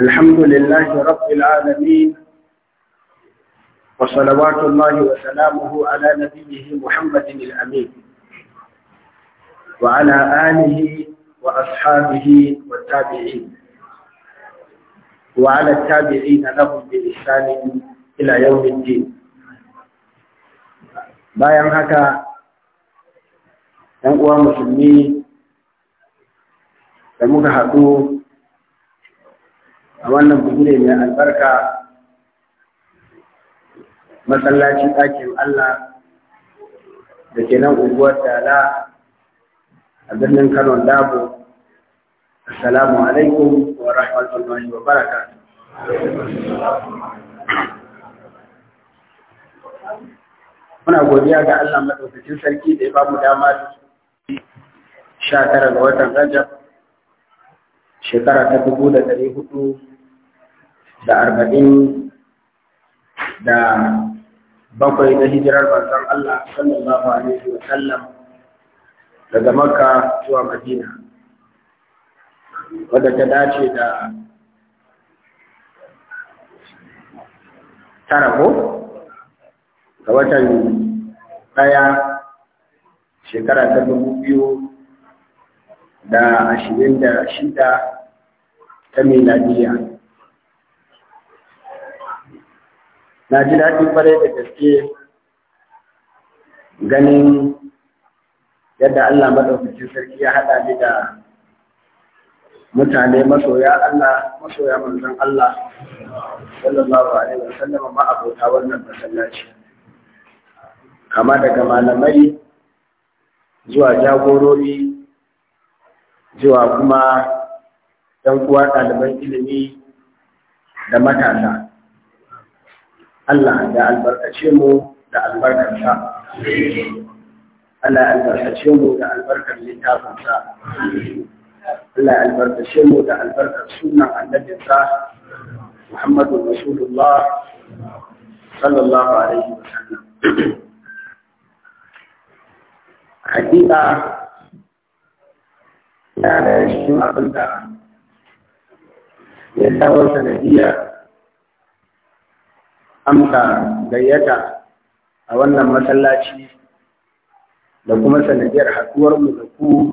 الحمد لله رب العالمين وصلوات الله وسلامه على نبيه محمد الأمين وعلى آله وأصحابه والتابعين وعلى التابعين لهم بإحسان إلى يوم الدين bayan haka ‘yan uwa musulmi da muka haɗu a wannan bugire mai albarka masallacin ɗakin Allah da ke nan unguwar Dala a birnin Kano Dabo. Assalamu alaikum wa rahmatullahi wa baraka. Muna godiya ga Allah maɗaukacin sarki da ya ba mu dama sha tara ga watan Rajab shekara ta dubu da ɗari hudu da arba'in da bakwai na hijirar manzon Allah sallallahu alaihi wasallam daga Makka zuwa Madina wadda ta dace da tara ko ga watan daya shekara ta dubu biyu da ashirin da shida ta miladiyya na ji daɗi kwarai da gaske ganin yadda Allah maɗaukacin sarki ya haɗa ni da mutane masoya Allah masoya manzon Allah sallallahu alaihi wa sallama ma abota wannan masallaci kama daga malamai zuwa jagorori zuwa kuma ɗan uwa ɗaliban ilimi da matasa Allah da albarkace mu da albarkarsa. Allah albarkace mu da albarkar littafinsa. Allah albarkace mu da albarkar sunan annabinsa Muhammadu Rasulullah sallallahu alaihi wa sallam. Hakika yana cikin abin da ya dawo sanadiyar amsa gayyata a wannan masallaci da kuma sanadiyar haɗuwar mu da ku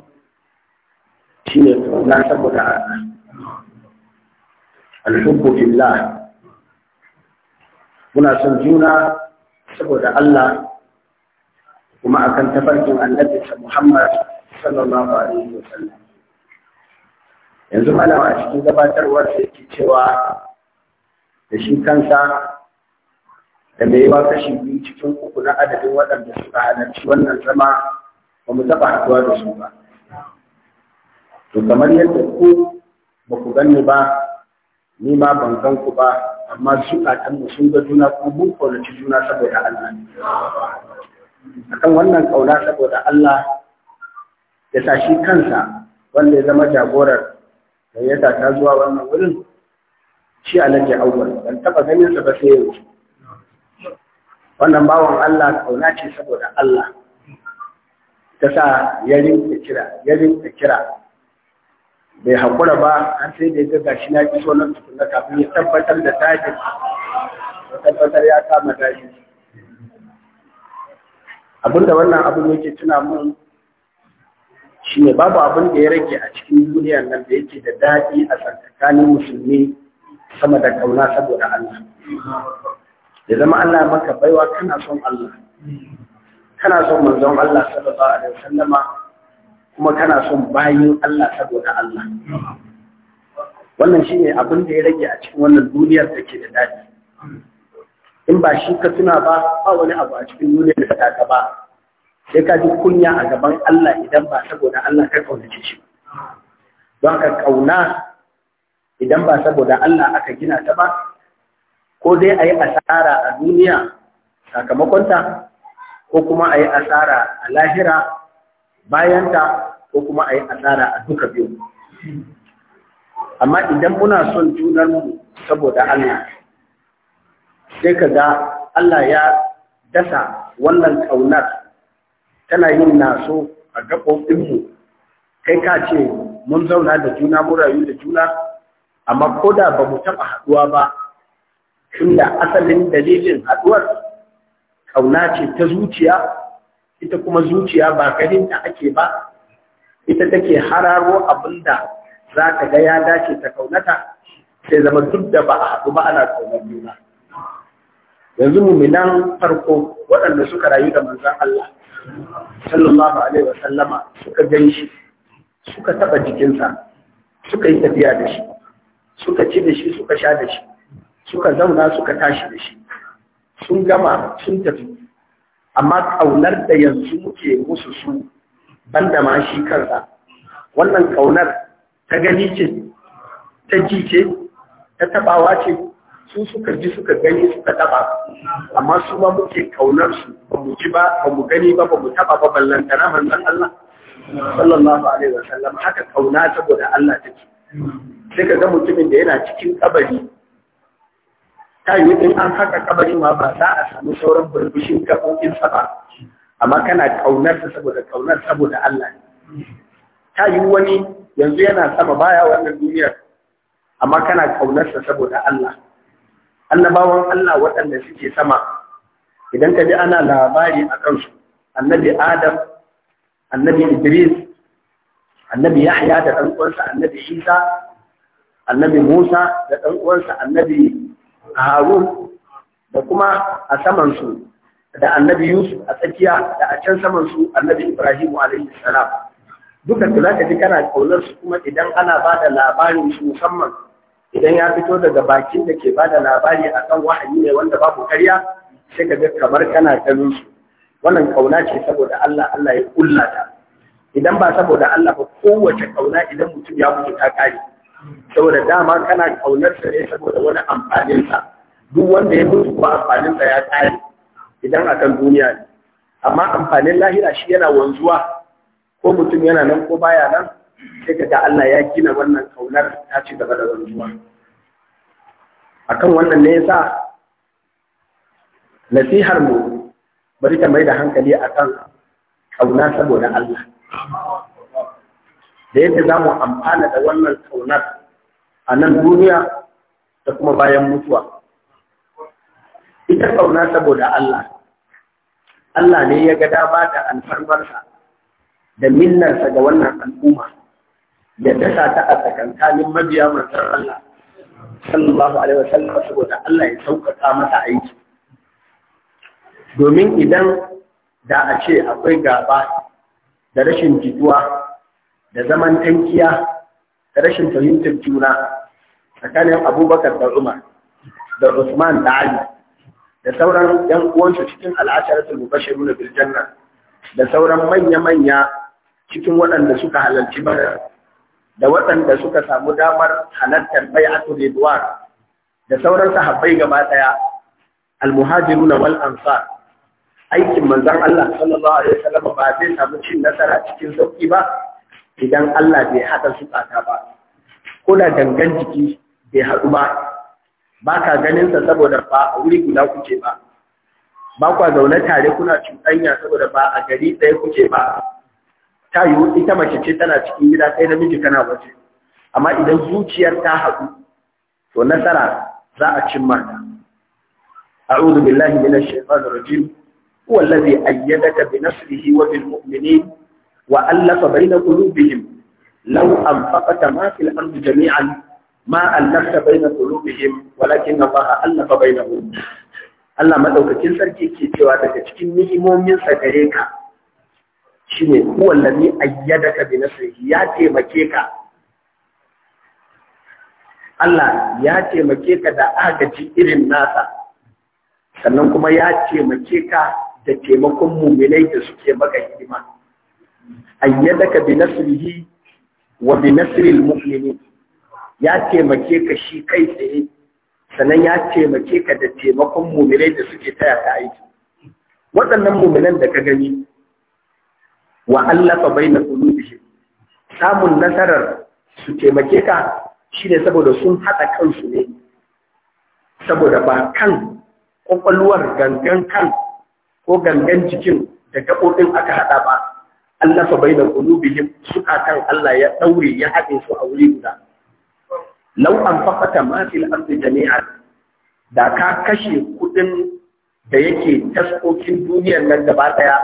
shine na saboda alhubbu muna son juna saboda Allah kuma akan tafarkin annabi Muhammad sallallahu alaihi wasallam yanzu malama a cikin gabatarwar da yake cewa da shi kansa da mai yawa kashi biyu cikin uku na adadin waɗanda suka halarci wannan zama ba mu taɓa haɗuwa da su ba. To kamar yadda ku ba ku gani ba, ni ma ban san ku ba, amma mu sun ga juna ko mun kaunaci juna saboda Allah. Akan wannan ƙauna saboda Allah ya sa shi kansa wanda ya zama jagorar da ya ta zuwa wannan wurin shi alhaji awwal ban taɓa ganin sa ba sai yanzu. wannan bawan Allah kauna ce saboda Allah ta sa ya da kira yarin da kira bai haƙura ba har sai da ya ga shi na iso nan da kafin ya tabbatar da tajin ya tabbatar ya kama tajin abinda wannan abin yake tuna mun shi ne babu abin da ya rage a cikin duniyar nan da yake da daɗi a tsakanin musulmi sama da kauna saboda Allah Da zama Allah maka baiwa kana son Allah kana son manzon Allah sallallahu alaihi wasallama kuma kana son bayin Allah saboda Allah wannan shine abin da ya rage a cikin wannan duniyar da ke da dadi. in ba shi ka tuna ba ba wani abu a cikin duniyar da ta ba sai ka ji kunya a gaban Allah idan ba saboda Allah ka kaunace shi don ka kauna idan ba saboda Allah aka gina ta ba ko dai a yi asara a duniya sakamakonta ko kuma a yi asara a lahira bayanta ko kuma a yi asara a duka biyu amma idan muna son mu saboda Allah sai ka ga Allah ya dasa wannan ƙaunar tana yin naso a gaɓoɓinmu kai ka ce mun zauna da juna mun rayu da juna amma ko da ba mu taɓa haɗuwa ba tunda asalin dalilin haɗuwar kauna ce ta zuciya ita kuma zuciya ba fahimta ake ba ita take hararo abin da za ta ga ya dace ta kaunata sai zama duk da ba a haɗu ba ana kaunar juna yanzu muminan farko waɗanda suka rayu da manzan Allah sallallahu alaihi wa sallama suka gan shi suka taɓa jikinsa suka yi tafiya da shi suka ci da shi suka sha da shi suka zauna suka tashi da shi sun gama sun tafi amma ƙaunar da yanzu muke musu su ban da ma shi kansa wannan ƙaunar ta gani ce ta ji ce ta tabawa ce su suka ji suka gani suka taba amma su ma muke ƙaunar su ba mu ji ba ba mu gani ba ba mu taba ba ballantana manzon Allah sallallahu alaihi wasallam haka ƙauna saboda Allah take sai ka ga mutumin da yana cikin kabari ta yi in an haka kabari ma ba za a samu sauran burbushin gaɓoɓinsa ba amma kana ƙaunarsa saboda ƙaunar saboda Allah ne ta yi wani yanzu yana sama baya wannan duniyar amma kana ƙaunarsa saboda Allah annabawan Allah waɗanda suke sama idan ka ji ana labari a kansu annabi Adam annabi Idris annabi Yahya da ɗan uwansa annabi Isa annabi Musa da ɗan uwansa annabi A harun da kuma a samansu da annabi yusuf a tsakiya da a can samansu annabi ibrahim alaihi salam duka da zaka ji kana kaunar su kuma idan ana ba da labarin su musamman idan ya fito daga bakin da ke ba da labari akan wahayi ne wanda babu karya sai ka ga kamar kana ganin su wannan kauna ce saboda Allah Allah ya kullata idan ba saboda Allah ba kowace kauna idan mutum ya mutu ta kare saboda dama kana kaunar da ne saboda wani amfaninsa, duk wanda ya mutu ba amfaninsa ya kare idan akan duniya ne amma amfanin lahira shi yana wanzuwa ko mutum yana nan ko baya nan sai ka ga Allah ya gina wannan kaunar ta ci gaba da wanzuwa akan wannan ne yasa nasihar mu bari ta mai da hankali akan kauna saboda Allah da yadda za mu amfana da wannan kaunar a nan duniya da kuma bayan mutuwa. Ita sauna saboda Allah, Allah ne ya ga dama da alfarmarsa da minnarsa ga wannan al'umma da dasa ta a tsakankanin mabiya manzon Allah, sallallahu Alaihi wasallam saboda Allah ya sauƙaƙa masa aiki. Domin idan da a ce akwai gaba da rashin jituwa da zaman tankiya da rashin fahimtar juna tsakanin abubakar da umar da usman da ali da sauran yan uwansu cikin al'asharatul mubashiru na birjanna da sauran manya-manya cikin waɗanda suka halarci badar da waɗanda suka samu damar halartar bai'atul ridwan da sauran sahabbai gaba ɗaya almuhajiruna wal ansar aikin manzon Allah sallallahu alaihi wasallam ba zai samu cin nasara cikin sauki ba idan Allah bai haɗa su ba ko da gangan jiki bai haɗu ba ba ka ganin saboda ba a wuri guda kuke ba ba kwa zaune tare kuna cuɗanya saboda ba a gari ɗaya kuke ba ta yi ita mace ce tana cikin gida ɗaya miji kana waje amma idan zuciyar ta haɗu to nasara za a cimma ta أعوذ بالله من الشيطان الرجيم هو الذي أيدك بنصره وبالمؤمنين Wa وألف بين قلوبهم لو أنفقت ما في الأرض جميعا ما ألفت بين قلوبهم ولكن الله na بينهم Allah madaukakin sarki ke cewa daga cikin ni'imominsa gare ka shine huwa allazi ayyadaka bi nasrihi ya taimake ka Allah ya taimake ka da agaji irin nasa sannan kuma ya taimake ka da taimakon muminai da suke maka hidima ayyadaka bi nasrihi wa bi nasril mu'minin ya taimake ka shi kai tsaye sannan ya taimake ka da taimakon mu'minai da suke taya ka aiki waɗannan mu'minan da ka gani wa allafa baina qulubihim samun nasarar su taimake ka shine saboda sun haɗa kansu ne saboda ba kan kwakwalwar gangan kan ko gangan jikin da gaɓoɓin aka haɗa ba allafa baina qulubihim sukatan Allah ya daure ya haɗe su a wuri guda law anfaqata ma fil ardi jami'an da ka kashe kudin da yake taskokin duniyar nan gaba daya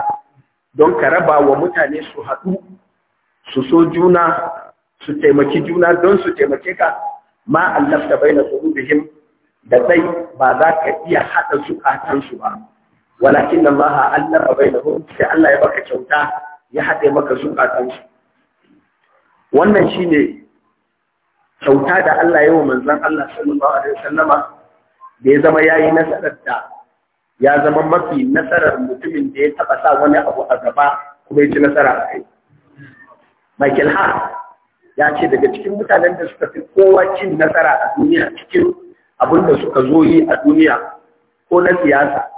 don ka raba wa mutane su haɗu su so juna su taimaki juna don su taimake ka ma allafta baina qulubihim da dai ba za ka iya haɗa sukatansu ba walakin Allah allafa bainahum sai Allah ya baka kyauta ya haɗe maka zukatansu wannan shi ne kyauta da Allah wa manzan Allah sallallahu alaihi wasallama da ya zama ya yi nasarar da ya zama mafi nasarar mutumin da ya taɓa sa wani abu a gaba kuma ya ci nasara a kai Michael Hart ya ce daga cikin mutanen da suka fi kowa cin nasara a duniya cikin abin da suka zo yi a duniya ko na siyasa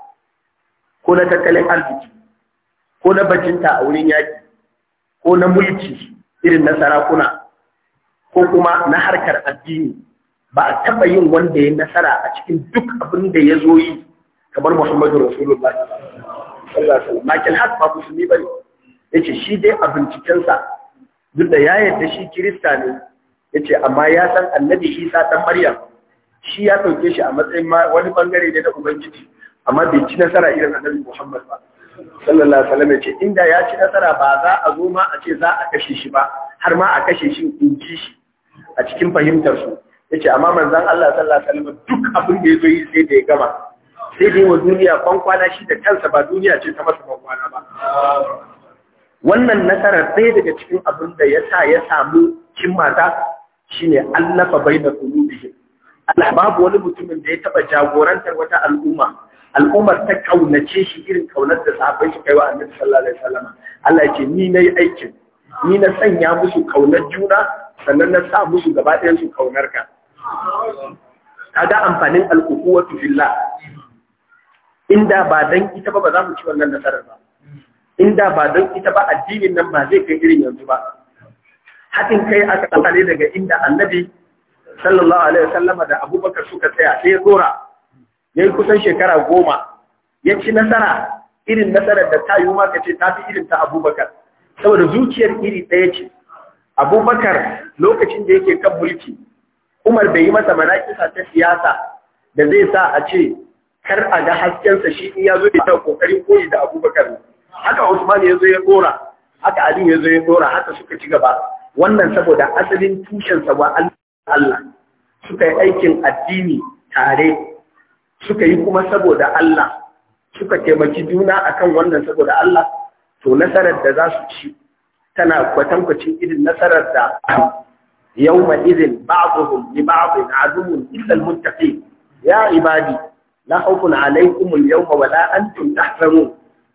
ko na tattalin arziki ko na bajinta a wurin yaki ko na mulki irin na sarakuna ko kuma na harkar addini ba a taɓa yin wanda ya nasara a cikin duk abin da ya zo yi kamar Muhammadu Rasulullah Michael Hart ba musulmi ba ne ya ce shi dai a bincikensa duk da ya yadda shi kirista ne ya ce amma ya san annabi isa ɗan maryam shi ya ɗauke shi a matsayin wani bangare ne na ubangiji amma bai ci nasara irin annabi Muhammad ba sallallahu alaihi wasallam ce inda ya ci nasara ba za a zo ma a ce za a kashe shi ba har ma a kashe shi in ji shi a cikin fahimtar su yace amma manzon Allah sallallahu alaihi wasallam duk abin da yazo yi sai da ya gama sai dai wa duniya kwankwana shi da kansa ba duniya ce ta masa kwankwana ba wannan nasarar sai daga cikin abin da ya sa ya samu cin mata shine allafa baina qulubihim Allah babu wani mutumin da ya taba jagorantar wata al'umma al'ummar ta kaunace shi irin kaunar da sahabbai su kaiwa wa annabi sallallahu alaihi wasallam Allah ya ce ni nayi aikin ni na sanya musu kaunar juna sannan na sa musu gaba ɗayan su kaunar ka kaga amfanin al'ukuwatu billah inda ba dan ita ba ba za mu ci wannan nasarar ba inda ba don ita ba addinin nan ba zai kai irin yanzu ba hakin kai aka tsare daga inda annabi sallallahu alaihi wasallama da abubakar suka tsaya sai ya tsora ya yi kusan shekara goma ya ci nasara irin nasarar da ta yi maka ce ta fi irin ta abubakar saboda zuciyar iri ɗaya ce abubakar lokacin da yake kan mulki umar bai yi masa manakisa ta siyasa da zai sa a ce kar a ga haskensa shi in ya zo da ta kokarin koyi da abubakar haka usman ya zo ya dora haka aliyu ya zo ya dora haka suka ci gaba wannan saboda asalin tushensa wa Allah suka yi aikin addini tare suka yi kuma saboda Allah suka taimaki juna akan wannan saboda Allah to nasarar da za su ci tana kwatankwaci irin nasarar da yawma Izin, ba'dhum li ba'dhin aduwwun illa al ya ibadi la khawfun alaykum yawma wa la antum tahzanun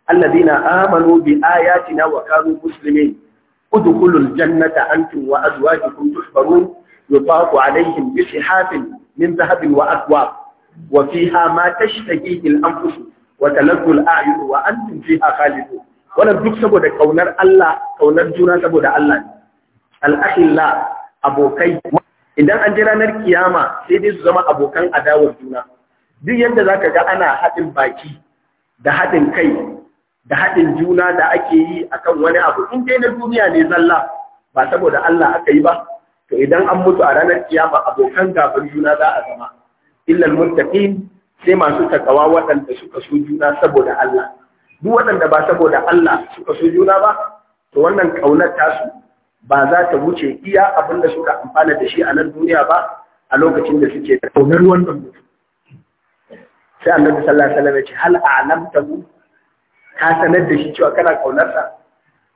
alladhina amanu bi ayatina wa kanu muslimin udkhulul jannata antum wa azwajukum tuhbarun yutafu alayhim bi sihatin min dhahabin wa Wafiha ma tashtahi al-anfus wa talazzu al-a'yun wa antum fiha khalidun wannan duk saboda kaunar Allah juna saboda Allah ne abokai idan an ji ranar kiyama sai dai su zama abokan adawar juna duk yadda zaka ga ana haɗin baki da haɗin kai da haɗin juna da ake yi akan wani abu in dai na duniya ne zalla ba saboda Allah aka yi ba to idan an mutu a ranar kiyama abokan gaban juna za a zama illal muttaqin sai masu takawa waɗanda suka so juna saboda Allah duk waɗanda ba saboda Allah suka so juna ba to wannan kaunar tasu ba za ta wuce iya abin da suka amfana da shi a nan duniya ba a lokacin da suke da kaunar wannan mutum sai annabi sallallahu alaihi wasallam ya ce hal a'lamta ka sanar da shi cewa kana sa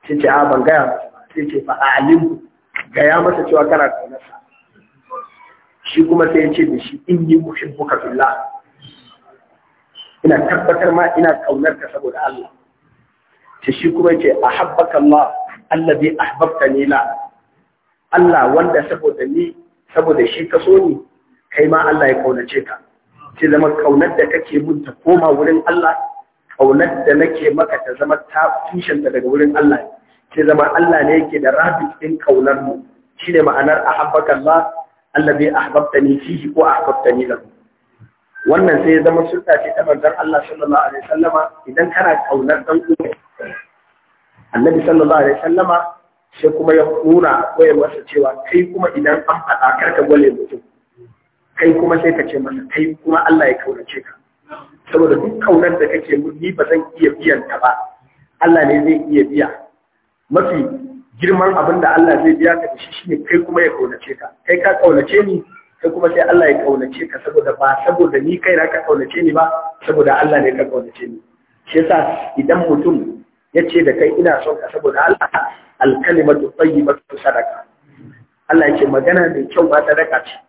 sai ce a ban gaya masa sai ce fa a'lim gaya masa cewa kana sa shi kuma sai ya ce da shi inni uhibbuka fillah ina tabbatar ma ina kaunar ka saboda Allah ta shi kuma ce a habbaka Allah allazi ahbabta ni la Allah wanda saboda ni saboda shi ka so ni kai ma Allah ya kaunace ka ce zama kaunar da kake mun ta koma wurin Allah kaunar da nake maka ta zama ta tushen daga wurin Allah ce zama Allah ne yake da rabit din kaunar mu shine ma'anar a habbaka Allah allazi ahbabtani fihi ko ahbabtani lahu wannan sai ya zama sunna ce ta manzon Allah sallallahu alaihi wasallama idan kana kaunar dan uwa annabi sallallahu alaihi wasallama sai kuma ya kura koyarwarsa cewa kai kuma idan an faɗa karka gole mutum kai kuma sai ka ce masa kai kuma Allah ya kaunace ka saboda duk kaunar da kake mun ni ba zan iya biyan ta ba Allah ne zai iya biya mafi girman abin da Allah zai biya ka da shi shine kai kuma ya kaunace ka kai ka kaunace ni kai kuma sai Allah ya kaunace ka saboda ba saboda ni kai na ka kaunace ni ba saboda Allah ne ka kaunace ni shi yasa idan mutum ya ce da kai ina son ka saboda Allah alkalimatu tayyibatu sadaka Allah ya ce magana mai kyau ba sadaka ce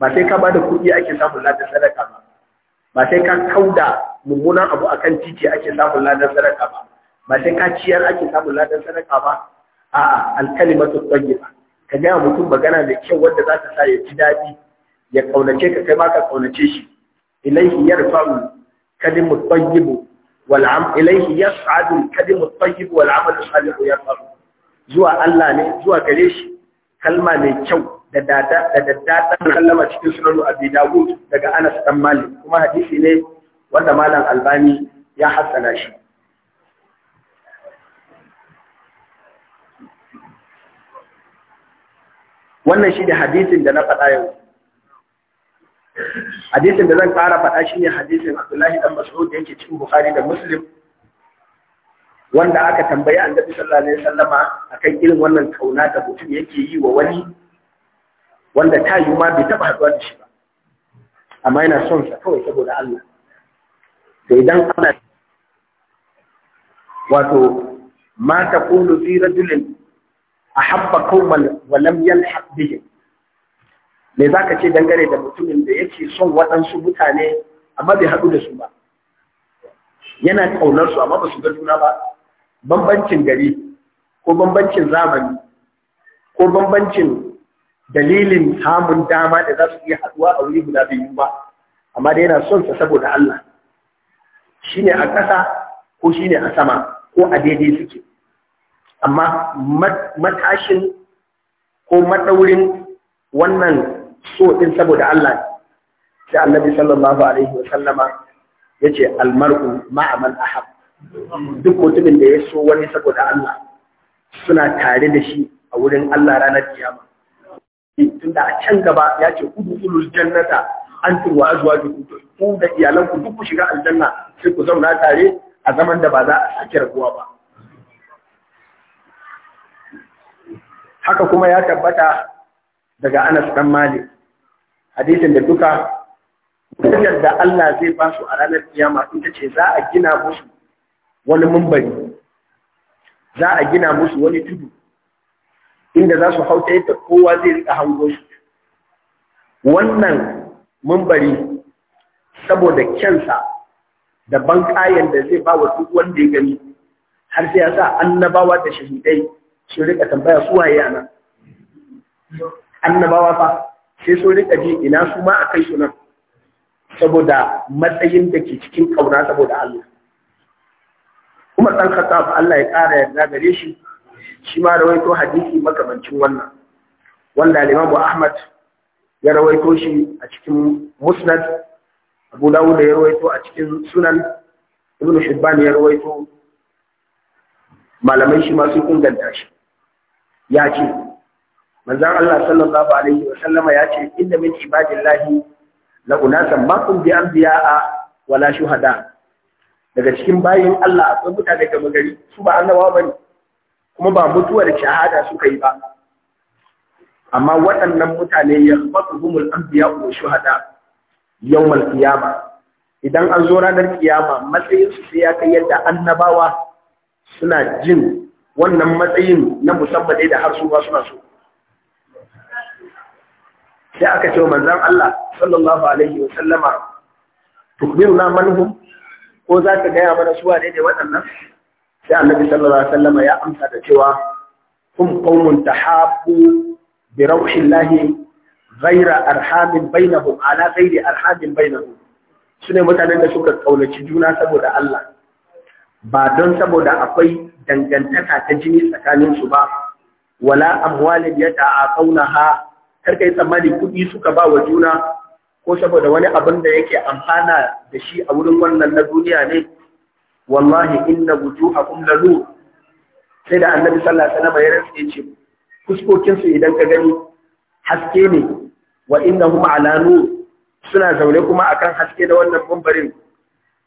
ba sai ka bada kuɗi ake samun ladan sadaka ba ba sai ka kauda mummunan abu akan titi ake samun ladan sadaka ba ba sai ka ciyar ake samun ladan sadaka ba a'a alkalimatu tayyiba ka ga mutum magana da kyau wanda za ta sa ya ji daɗi ya kaunace ka kai ma ka kaunace shi ilaihi yarfa'u kalimu tayyibu wal am yas'adu kalimu tayyibu wal amal salih yarfa'u zuwa Allah ne zuwa gare shi kalma mai kyau da dada da kallama cikin sunan Abi Dawud daga Anas dan Malik kuma hadisi ne wanda malam Albani ya hassana shi wannan shi ne hadisin da na faɗa yau hadisin da zan ƙara faɗa shi ne hadisin Abdullahi dan Mas'ud da yake cikin Bukhari da Muslim wanda aka tambayi Annabi sallallahu alaihi wasallama akan irin wannan kauna da mutum yake yi wa wani wanda ta yi ma bai taɓa haɗuwa da shi ba amma yana son sa kawai saboda Allah to idan Allah wato ma taqulu fi rajulin ahabba qauman wa lam yalhaq bihim me zaka ce dangane da mutumin da yake son waɗansu mutane amma bai haɗu da su ba yana ƙaunar su amma ba su ga juna ba bambancin gari ko bambancin zamani ko bambancin dalilin samun dama da za su iya haɗuwa a wuri guda biyu ba amma dai yana son sa saboda Allah shine a ƙasa ko shine a sama ko a daidai suke amma matashin ko maɗaurin wannan so ɗin saboda Allah sai annabi sallallahu alaihi wa sallama ya ce almar'u a ahab duk mutumin da ya so wani saboda Allah suna tare da shi a wurin Allah ranar kiyama tunda a can gaba ya ce kudu ulul jannata an turwa azuwa ku da iyalanku duk ku shiga aljanna sai ku zauna tare a zaman da ba za a sake rabuwa ba haka kuma ya tabbata daga Anas dan Malik hadisin da duka hujjar da Allah zai ba su a ranar kiyama ita ce za a gina musu wani mumbari za a gina musu wani tudu inda za su hauta yadda kowa zai rika hango shi wannan mumbari saboda kyansa da bankayen da zai ba wa duk wanda ya gani har sai ya sa annabawa da shahidai sun rika tambaya su waye a nan annabawa fa sai sun rika ji ina su ma a kai su nan saboda matsayin da ke cikin kauna saboda Allah Kuma ɗan Khattab Allah ya ƙara yarda gare shi shi ma rawaito hadisi makamancin wannan wanda Imam Ahmad ya rawaito shi a cikin Musnad Abu Dawud ya rawaito a cikin Sunan Ibn Hibban ya rawaito malamai shi ma sun inganta shi ya ce manzan Allah sallallahu alaihi wa sallama ya ce inda min ibadillahi la unasan ma kun bi anbiya'a wala shuhada daga cikin bayin Allah akwai mutane da magari su ba annabawa bane kuma ba mutuwa da shahada suka yi ba amma waɗannan mutane ya fasuhumul anbiya wa shuhada yawmal qiyama idan an zo ranar kiyama matsayin su sai ya kai yadda annabawa suna jin wannan matsayin na musamman dai da har su ba suna so sai aka ce manzan Allah sallallahu alaihi wa sallama na manhum ko za ka gaya mana suwa ne da waɗannan sai annabi sallallahu alaihi wa sallama ya amsa da cewa kun qaumun tahabbu bi rawhillahi ghaira arhamin bainahum ala ghairi arhamin bainahum sune mutanen da suka kaunaci juna saboda Allah ba don saboda akwai dangantaka ta jini tsakanin su ba wala amwalin ya ta'aqawna ha kar kai tsammani kuɗi suka ba wa juna ko saboda wani abin da yake amfana da shi a wurin wannan na duniya ne wallahi inna wujuhakum lalu sai da annabi sallallahu alaihi wasallam ya rantsa ce fuskokin su idan ka gani haske ne wa innahum ala nur suna zaune kuma akan haske da wannan bambarin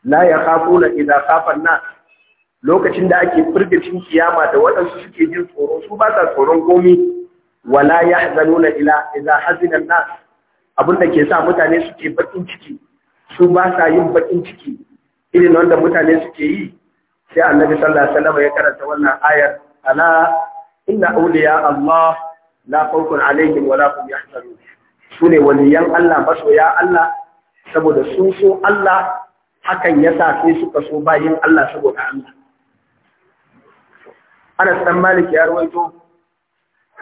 la khafuna idza khafa an-nas lokacin da ake cin kiyama da waɗansu suke jin tsoro su ba sa tsoron komi wala ya zano na ila idza hazina na? abinda ke sa mutane suke bakin ciki su ba sa yin bakin ciki irin wanda mutane suke yi sai annabi sallallahu alaihi wasallam ya karanta wannan ayar ala inna awliya Allah la khawfun alaihim wala hum yahzanun sune waliyan Allah masoya Allah saboda sun so Allah hakan yasa sai suka so bayin Allah saboda Allah Anas dan Malik ya rawaito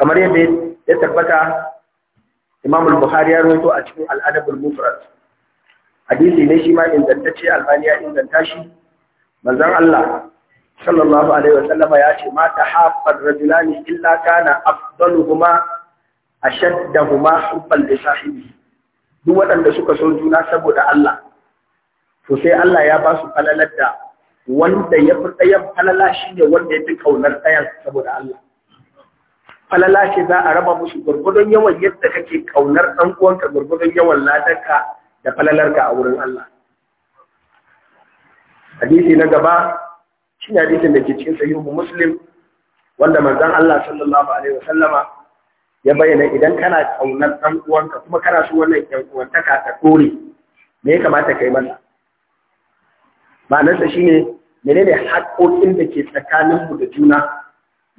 kamar yadda ya tabbata Imam al-Bukhari ya rawaito a cikin Al-Adab al-Mufrad hadisi ne shi ma ingantacce Albani ya inganta shi manzon Allah sallallahu alaihi wasallama ya ce ma tahaffar rajulani illa kana afdaluhuma ashaddahuma hubban li sahibi duk waɗanda suka so juna saboda Allah to sai Allah ya ba su falalar da wanda ya fi ɗayan falala shi ne wanda ya fi ƙaunar ɗayan saboda Allah. Falala shi za a raba mushi gwargwadon yawan yadda kake ƙaunar ɗan uwanka gwargwadon yawan ladarka da falalarka a wurin Allah. Hadisi na gaba shi ne hadisin da ke cikin sahihu Muslim wanda manzon Allah sallallahu alaihi wasallama ya bayyana idan kana ƙaunar ɗan uwanka kuma kana so wannan ƴan uwantaka ta dore me ya kamata kai masa? ma'anarsa shi ne menene haƙoƙin da ke tsakaninmu da juna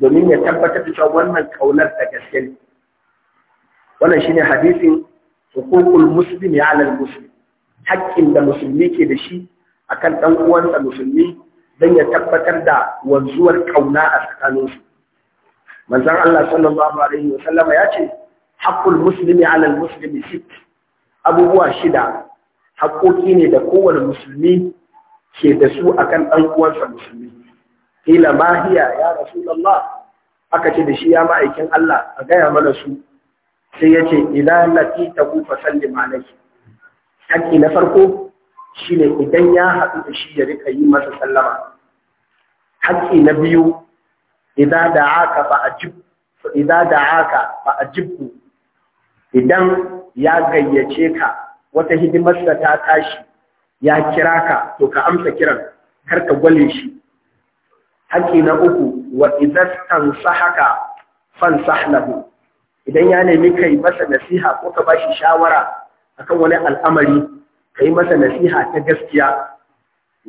domin ya tabbatar da cewa wannan ƙaunar da gaske ne wannan shi ne hadisin hukukul ya alal musulmi. haƙƙin da musulmi ke da shi akan ɗan uwansa musulmi don ya tabbatar da wanzuwar ƙauna a tsakaninsu Manzan Allah sallallahu alaihi wa sallama ya ce haqqul muslimi alal musulmi sit abubuwa shida haƙoƙi ne da kowane musulmi ke da su akan kan uwansa musulmi kila ma ya ya Allah, aka ce da shi ya ma'aikin Allah a gaya mana su sai ya ce fi ta fa sallim alayhi haƙi na farko shine idan ya haɗu da shi ya rika yi masa sallama haƙi na biyu idan da haka ba a jibku idan ya gayyace ka wata hidimarsa ta tashi ya kira ka to ka amsa kiran kar ka gwale shi haƙi na uku wa idan tansahaka fansah lahu idan ya nemi yi masa nasiha ko ka bashi shawara akan wani al'amari ka yi masa nasiha ta gaskiya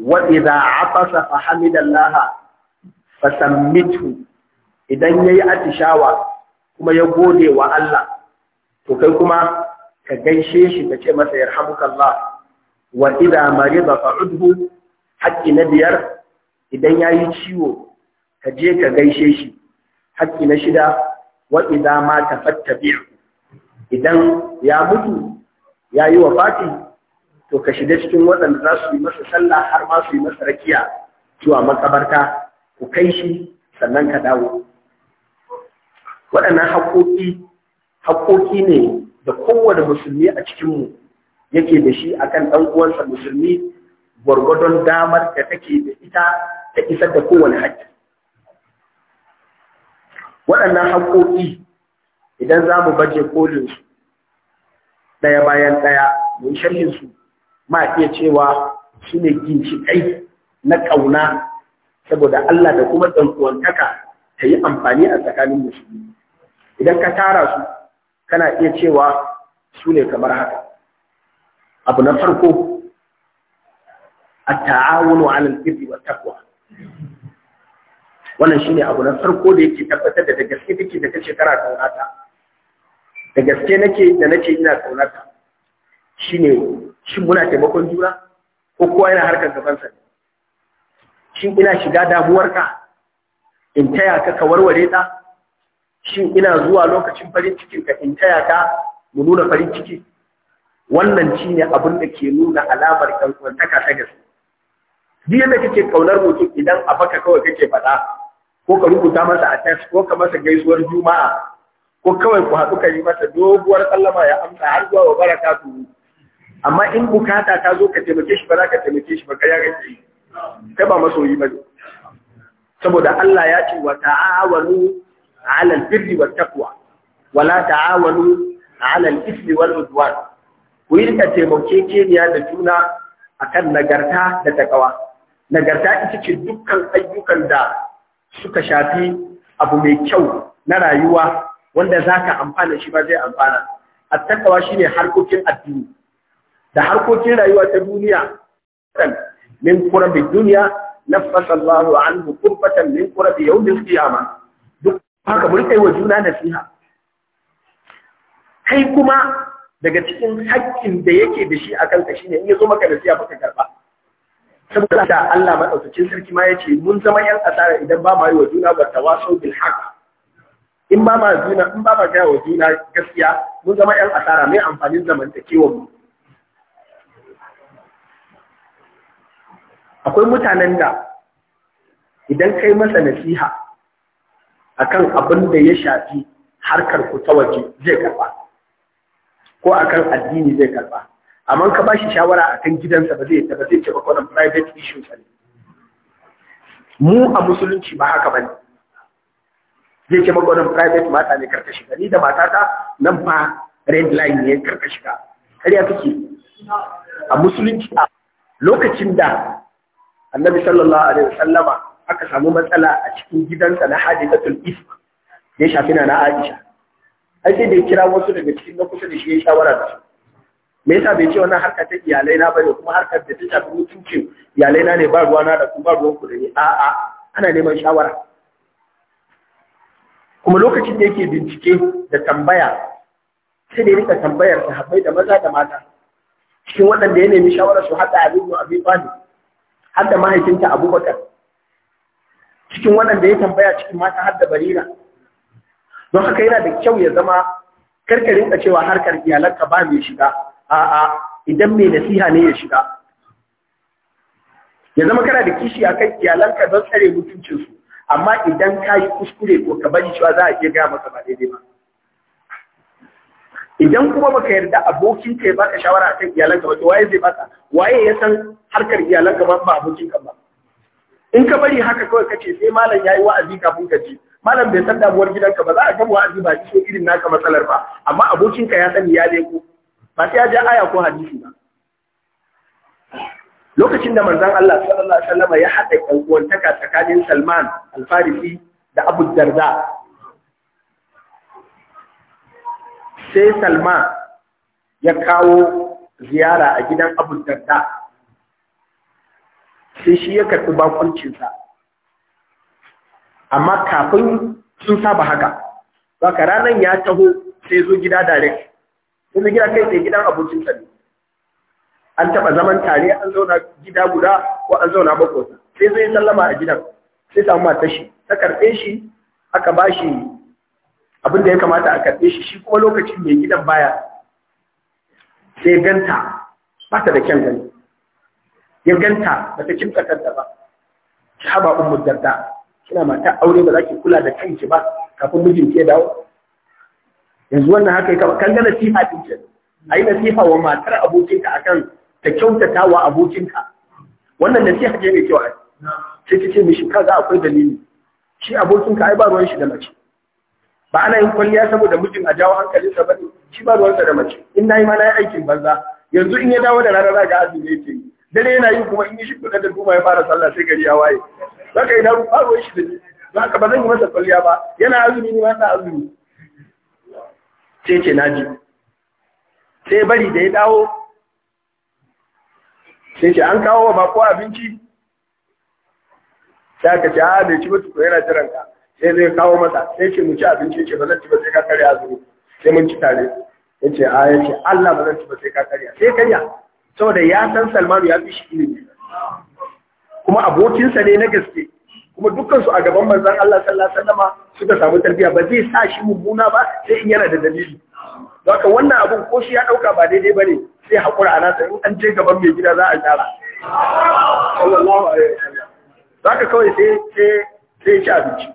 wa idza afasa fa hamidallaha fasammithu idan yayi atishawa kuma ya gode wa Allah to kai kuma ka gaishe shi ka ce masa yarhamukallah wa idza marida fa'udhu haƙƙi na biyar idan yayi ciwo ka je ka gaishe shi haƙƙi na shida wa ta mata fattabi idan ya mutu yayi Fati to ka shiga cikin waɗanda za su yi masa sallah har ma su yi masa rakiya zuwa makabarta ku kai shi sannan ka dawo waɗannan haƙoƙi haƙoƙi ne da kowane musulmi a cikinmu yake da shi akan ɗan uwansa musulmi gwargwadon damar da take da ita ta isar da kowane haƙƙi waɗannan haƙƙoƙi idan za mu baje kolin ɗaya bayan ɗaya mun sharhin su ma iya cewa su ne ginshiƙai na ƙauna saboda Allah da kuma ɗan'uwantaka ta yi amfani a tsakanin musulmi idan ka tara su kana iya cewa su ne kamar haka abu na farko a taawunu 'ala al wa takwa. wannan ne abu na farko da yake tabbatar da gaske take da kace kara kaunata da gaske nake da nake ina kaunata ne. shin muna taimakon juna ko kowa yana harkar gabansa? ne shin ina shiga damuwarka in taya ka ka warware ta shin ina zuwa lokacin farin cikinka in taya ka mu nuna farin ciki wannan shi ne abin da ke nuna alamar ƙanƙantaka ta gaske duk da kake ƙaunar mutum idan a baka kawai kake faɗa ko ka rubuta masa a test, ko ka masa gaisuwar juma'a ko kawai ku haɗu ka yi masa doguwar sallama ya amsa har zuwa wa baraka tu amma in bukata ta zo ka taimake shi ba za ka taimake shi ba ka yaga Ta kai ba yi ba saboda Allah ya ce wa ta'awanu alal al-birri wat taqwa wa ta'awanu alal al wal udwan ku yi rika taimakekeniya da juna akan nagarta da takawa nagarta ita ce dukkan ayyukan da suka shafi abu mai kyau na rayuwa wanda za ka amfana shi ba zai amfana a takawa shi ne harkokin addini da harkokin rayuwa ta duniya min kurabi duniya na fasallahu an fatan min kurabi yau da kiyama duk haka mun kai wa juna nasiha kai kuma daga cikin haƙƙin da yake da shi a kanka shine in ya maka da siya baka karba saboda da Allah madaukakin sarki ma yace mun zama yan asara idan ba ma yi wa juna ba tawasau bil haqq in ba ma juna in ba ma ga wa juna gaskiya mun zama yan asara mai amfanin zamantakewa mu akwai mutanen da idan kai masa nasiha akan abin da ya shafi harkar ku ta waje zai karba ko akan addini zai karba amma ka bashi shawara akan gidansa ba zai ta ba zai ce ba kwanan private issues ne mu a musulunci ba haka bane zai ce maka private mata ne karka shiga ni da matata nan fa red line ne karka shiga kariya kake a musulunci a lokacin da annabi sallallahu alaihi wasallama aka samu matsala a cikin gidansa na hadithatul ifk ya shafi na Aisha ai sai da ya kira wasu daga cikin na kusa da shi ya shawara da su me yasa bai ce wannan harkar ta iyalai na bane kuma harkar da ta shafi mutuncin iyalai na ne ba ruwa na da ku ba ruwan ku da ni a'a ana neman shawara kuma lokacin da yake bincike da tambaya sai da rika tambayar habbai da maza da mata cikin waɗanda ya nemi shawara su haɗa abin ibn Abi Talib har da mahaifinta Abubakar cikin waɗanda ya tambaya cikin mata har da Barira don haka yana da kyau ya zama karkarin ka cewa harkar iyalanka ba mai shiga a'a idan mai nasiha ne ya shiga ya zama kana da kishi akan iyalanka don tsare mutuncinsu amma idan ka yi kuskure ko ka bari cewa za a iya gaya maka ba daidai ba idan kuma baka yarda abokin ka ya baka shawara akan iyalanka ba to waye zai baka waye ya san harkar iyalanka ba ba abokin ka ba in ka bari haka kawai kace sai malam yayi wa'azi kafin ka ji malam bai san damuwar gidanka ba za a gama wa'azi ba cikin irin naka matsalar ba amma abokinka ya sani ya leko ba sai ya ji aya ko hadisi ba lokacin da manzon Allah sallallahu alaihi wasallam ya haɗa ƴan'uwantaka tsakanin Salman al-Farisi da Abu Darda sai Salman ya kawo ziyara a gidan Abu Darda sai shi ya karɓi bakuncinsa amma kafin sun saba haka ba ka ranar ya taho sai zo gida dare, sai zo gida kai sai gidan abincin sa ne an taba zaman tare an zauna gida guda ko an zauna makota sai zo ya sallama a gidan sai samu mata shi ta karɓe shi aka ba shi abin da ya kamata a karɓe shi shi kuma lokacin mai gidan baya sai ganta ba ta da kyan gani ya ganta ba ta kimta kanta ba haba ummu darda kina mata aure ba za ki kula da kanki ba kafin mijin ya dawo yanzu wannan haka ya kama kan gana sifa dinkin a yi nasiha wa matar abokinka akan ta kyautata wa abokinka wannan nasiha ce mai kyau a sai ta ce mishi ga akwai dalili shi abokinka ai ba ruwan shi da mace ba ana yin kwalliya saboda mijin a jawo hankalinsa ba ne shi ba ruwansa da mace in na yi ma na yi aikin banza yanzu in ya dawo da rana za ga azumi ya ke. dare yana yi kuma in yi shi kuɗa da kuma ya fara sallah sai gari ya waye zaka ina ruwa ruwan shi da zaka ba zan yi masa kwalliya ba yana azumi ne ma azumi sai ce naji sai bari da ya dawo sai ce an kawo wa bako abinci sai aka ce a bai ci ba tuko yana jiran ka sai zai kawo masa sai ce mu ci abinci ce ba zan ci ba sai ka karya azumi sai mun ci tare ya ce a ya ce Allah ba zan ci ba sai ka karya sai karya saboda ya san Salmanu ya fi shi ilimi kuma abokinsa ne na gaske kuma dukkan su a gaban manzon Allah sallallahu alaihi wasallama suka samu tarbiya ba zai sa shi mumuna ba sai in yana da dalili haka wannan abun ko shi ya dauka ba daidai bane sai hakura ana nasa in an je gaban mai gida za a gyara sallallahu alaihi wasallam haka kawai sai sai sai ci abinci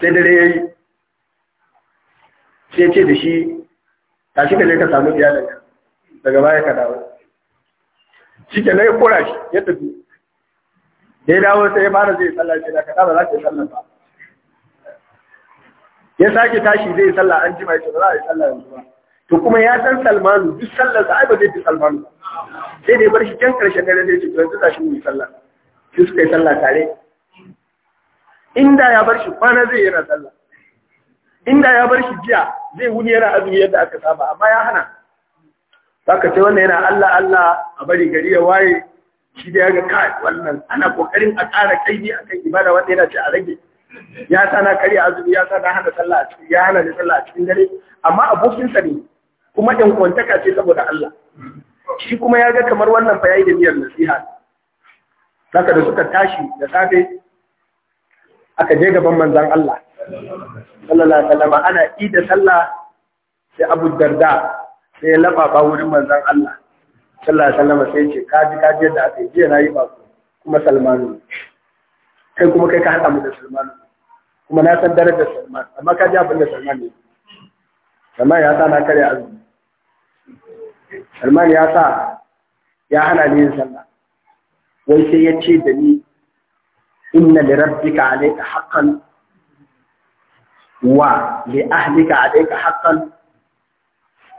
sai dare yayi sai ce da shi tashi ka je ka samu iyalanka daga baya ka dawo shi ke na ya kora shi ya tafi sai dawo sai ya fara zai sallah sai da ka za ka yi sallah ba ya sake tashi zai sallah an jima ya ba za a yi sallah yanzu ba to kuma ya san Salmanu duk sallar sa ai ba zai fi Salmanu sai dai bar shi can karshen dare zai ce yanzu tashi mu yi sallah Shi suka yi sallah tare inda ya bar shi kwana zai yana sallah inda ya bar shi jiya zai wuni yana azumi yadda aka saba amma ya hana ka sai wannan yana Allah Allah a bari gari ya waye shi da ya ga kai wannan ana kokarin a ƙara kaidi akan ibada wanda yana ce a rage ya sa na karya azumi ya sa na hana sallah ya hana ni sallah cikin dare amma abokin sa ne kuma ɗan kwantaka ce saboda Allah shi kuma ya ga kamar wannan fa yayi da niyyar nasiha saka da suka tashi da safe aka je gaban manzon Allah sallallahu alaihi wasallam ana ida sallah sai Abu Darda sai ya lafafa wurin manzon Allah sallallahu alaihi wasallam sai ce ka ji ka ji yadda aka yi jiya na yi ba ku, kuma salmanu kai kuma kai ka haɗa mu da salmanu kuma na san darajar Salmanu, amma ka ji abin da Salmanu. ne salman ya sa na kare azumi Salmanu ya sa ya hana ni yin sallah wai sai ya ce da ni inna li rabbika alayka haqqan wa li ahlika alayka haqqan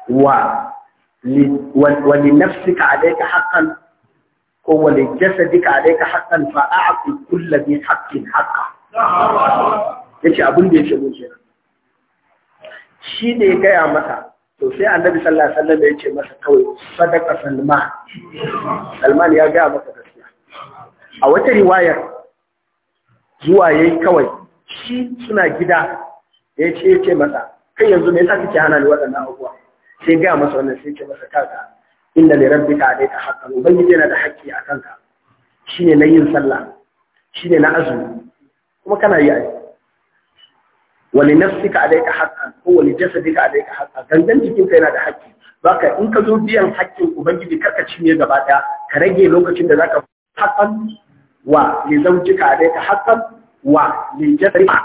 wa ولنفسك عليك حقا ولجسدك عليك حقا فأعطي كل ذي حق حقه yace abin da yake mun kenan shi ne ya gaya masa to sai annabi sallallahu alaihi wasallam ya ce masa kawai sadaqa salman salman ya gaya masa gaskiya a wata riwayar zuwa yayi kawai shi suna gida ya ce ya ce masa kai yanzu me yasa ke hana ni waɗannan abubuwa sai gaya masa wannan sai ce masa kaga inna li rabbika alayka haqqan ubangiji yana da haƙƙi a kanka shine na yin sallah shine na azumi kuma kana yi ai wa li nafsika ka haqqan ko wani wa ka jasadika ka haqqan gangan jikinka yana da haƙƙi baka in ka zo biyan haƙƙin ubangiji kar ka cinye gaba daya ka rage lokacin da zaka haqqan wa li zawjika ka haqqan wa li jasadika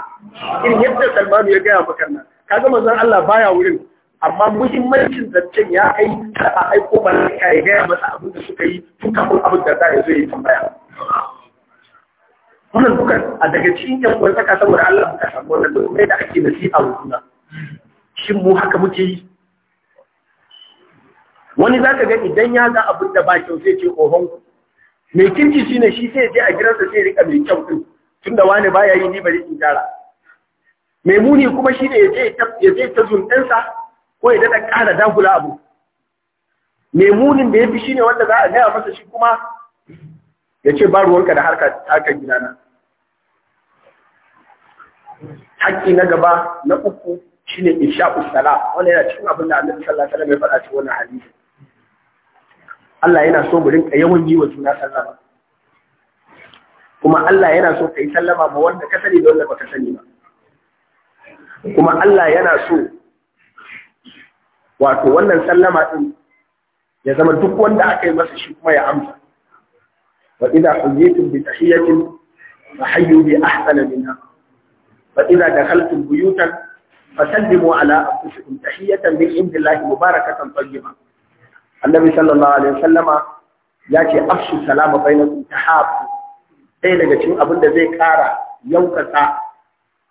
in yadda salmanu ya gaya maka nan kaga manzon Allah baya wurin amma muhimmancin zancen ya kai ta a aiko malaka ya gaya masa abin da suka yi tun kafin abin da za a zo ya yi tambaya wannan dukan a daga cikin yan uwan saka saboda Allah muka samu wannan domin da ake nasiha wa juna shin mu haka muke yi wani za ka ga idan ya ga abin da ba kyau sai ce ohon mai kirki shi ne shi sai je a gidansa sai rika mai kyau din tun da wani baya yi ni bari in gyara mai muni kuma shi ne ya je ta zuntansa ko ya daɗa ƙara dagula abu mai munin da ya fi shi ne wanda za a gaya masa shi kuma ya ce ba ruwanka da harkar na. haƙƙi na gaba na uku shine insha'u sala wanda yana cikin abin da annabi sallallahu alaihi wasallam ya faɗa cikin wannan hadisi Allah yana so mu rinka yawan yi wa juna sallama kuma Allah yana so ka yi sallama ba wanda ka sani da wanda ka sani ba kuma Allah yana so wato wannan sallama ɗin ya zama duk wanda aka yi masa shi kuma ya amsa wa idza qudiyatum bi tahiyyatin fa hayyu bi ahsana minha fa idza dakhaltum buyutan fasallimu ala anfusikum tahiyatan min indillahi mubarakatan tayyiba annabi sallallahu alaihi wasallama ya ce afshu salama bainakum tahabu Sai daga cikin abin da zai ƙara yaukata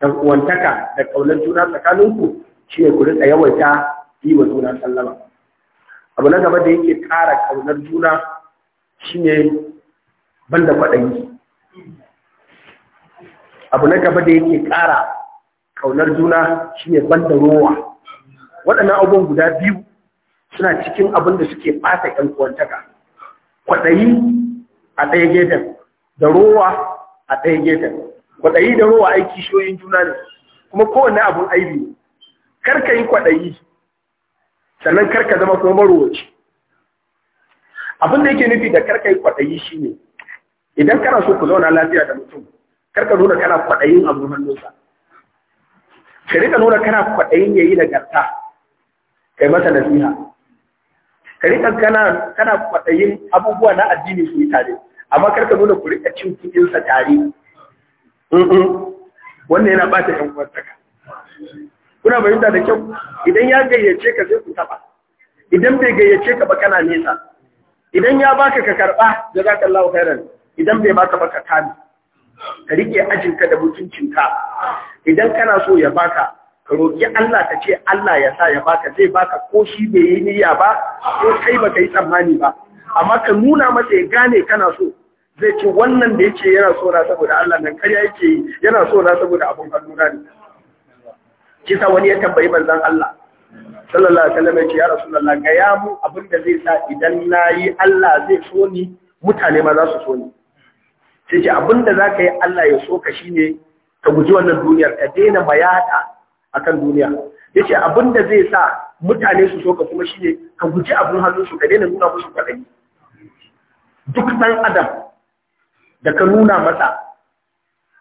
dan uwantaka da kaunar juna tsakaninku shi ne ku rika yawaita yi wa juna sallama abu na gaba da yake ƙara ƙaunar juna shine banda kwaɗayi abu na gaba da yake ƙara ƙaunar juna shine banda rowa waɗannan abubuwan guda biyu suna cikin abin da suke ɓata ƴan kuwantaka kwaɗayi a ɗaya gefen da rowa a ɗaya gefen kwaɗayi da rowa aiki shoyin juna ne kuma kowane abun aibi ne kar ka yi kwaɗayi sannan karka zama kuma marowaci abin da yake nufi da karka yi kwaɗayi shi ne idan kana so ku zauna lafiya da mutum karka nuna kana kwaɗayin abu hannunsa ka rika nuna kana kwaɗayin ya yi nagarta kai masa nasiha ka rika kana kwaɗayin abubuwa na addini su yi tare amma karka nuna ku rika cin kuɗinsa tare wannan yana ɓata yan uwantaka kuna bayyana da kyau idan ya gayyace ka sai ku taba idan bai gayyace ka ba kana nesa idan ya baka ka karba jazakallahu khairan idan bai baka ba ka tabi ka rike ajinka da mutuncinka idan kana so ya baka ka roki Allah ka ce Allah ya sa ya baka zai baka ko shi bai yi niyya ba ko kai baka yi tsammani ba amma ka nuna masa ya gane kana so zai ce wannan da yake yana so na saboda Allah nan karya yake yana so na saboda abun hannu ne kisa wani ya tambayi manzan Allah sallallahu alaihi wasallam ya ya rasulullah ga ya mu abin da zai sa idan nayi Allah zai so ni mutane ma za su so ni sai ce abin da zaka yi Allah ya so ka shine ka guji wannan duniyar ka daina mayata akan duniya yace abin da zai sa mutane su so ka kuma shine ka guji abin hannun su ka daina nuna musu kadai duk ɗan adam da ka nuna masa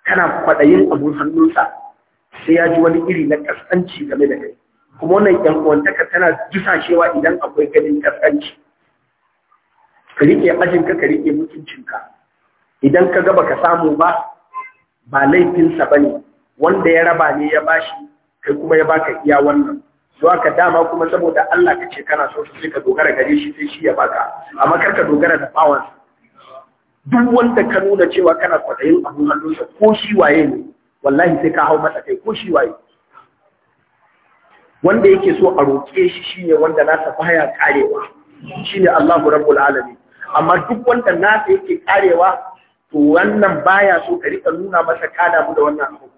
kana kwadayin abin hannunsa sai ya ji wani iri na kaskanci game da kai kuma wannan yan uwantaka tana dusashewa idan akwai ganin kaskanci ka rike ajinka ka rike mutuncinka idan ka gaba ka samu ba ba laifinsa ba ne wanda ya raba ne ya bashi kai kuma ya baka iya wannan zuwa ka dama kuma saboda Allah ka ce kana so sai ka dogara gare shi sai shi ya baka amma kar ka dogara da bawansa duk wanda ka nuna cewa kana kwaɗayin abun hannunsa ko shi waye ne wallahi sai ka hau masa kai ko shi waye wanda yake so a roƙe shi shine wanda nasa baya karewa shine Allahu rabbul alamin amma duk wanda nasa yake karewa to wannan baya so ka rika nuna masa kada mu da wannan abu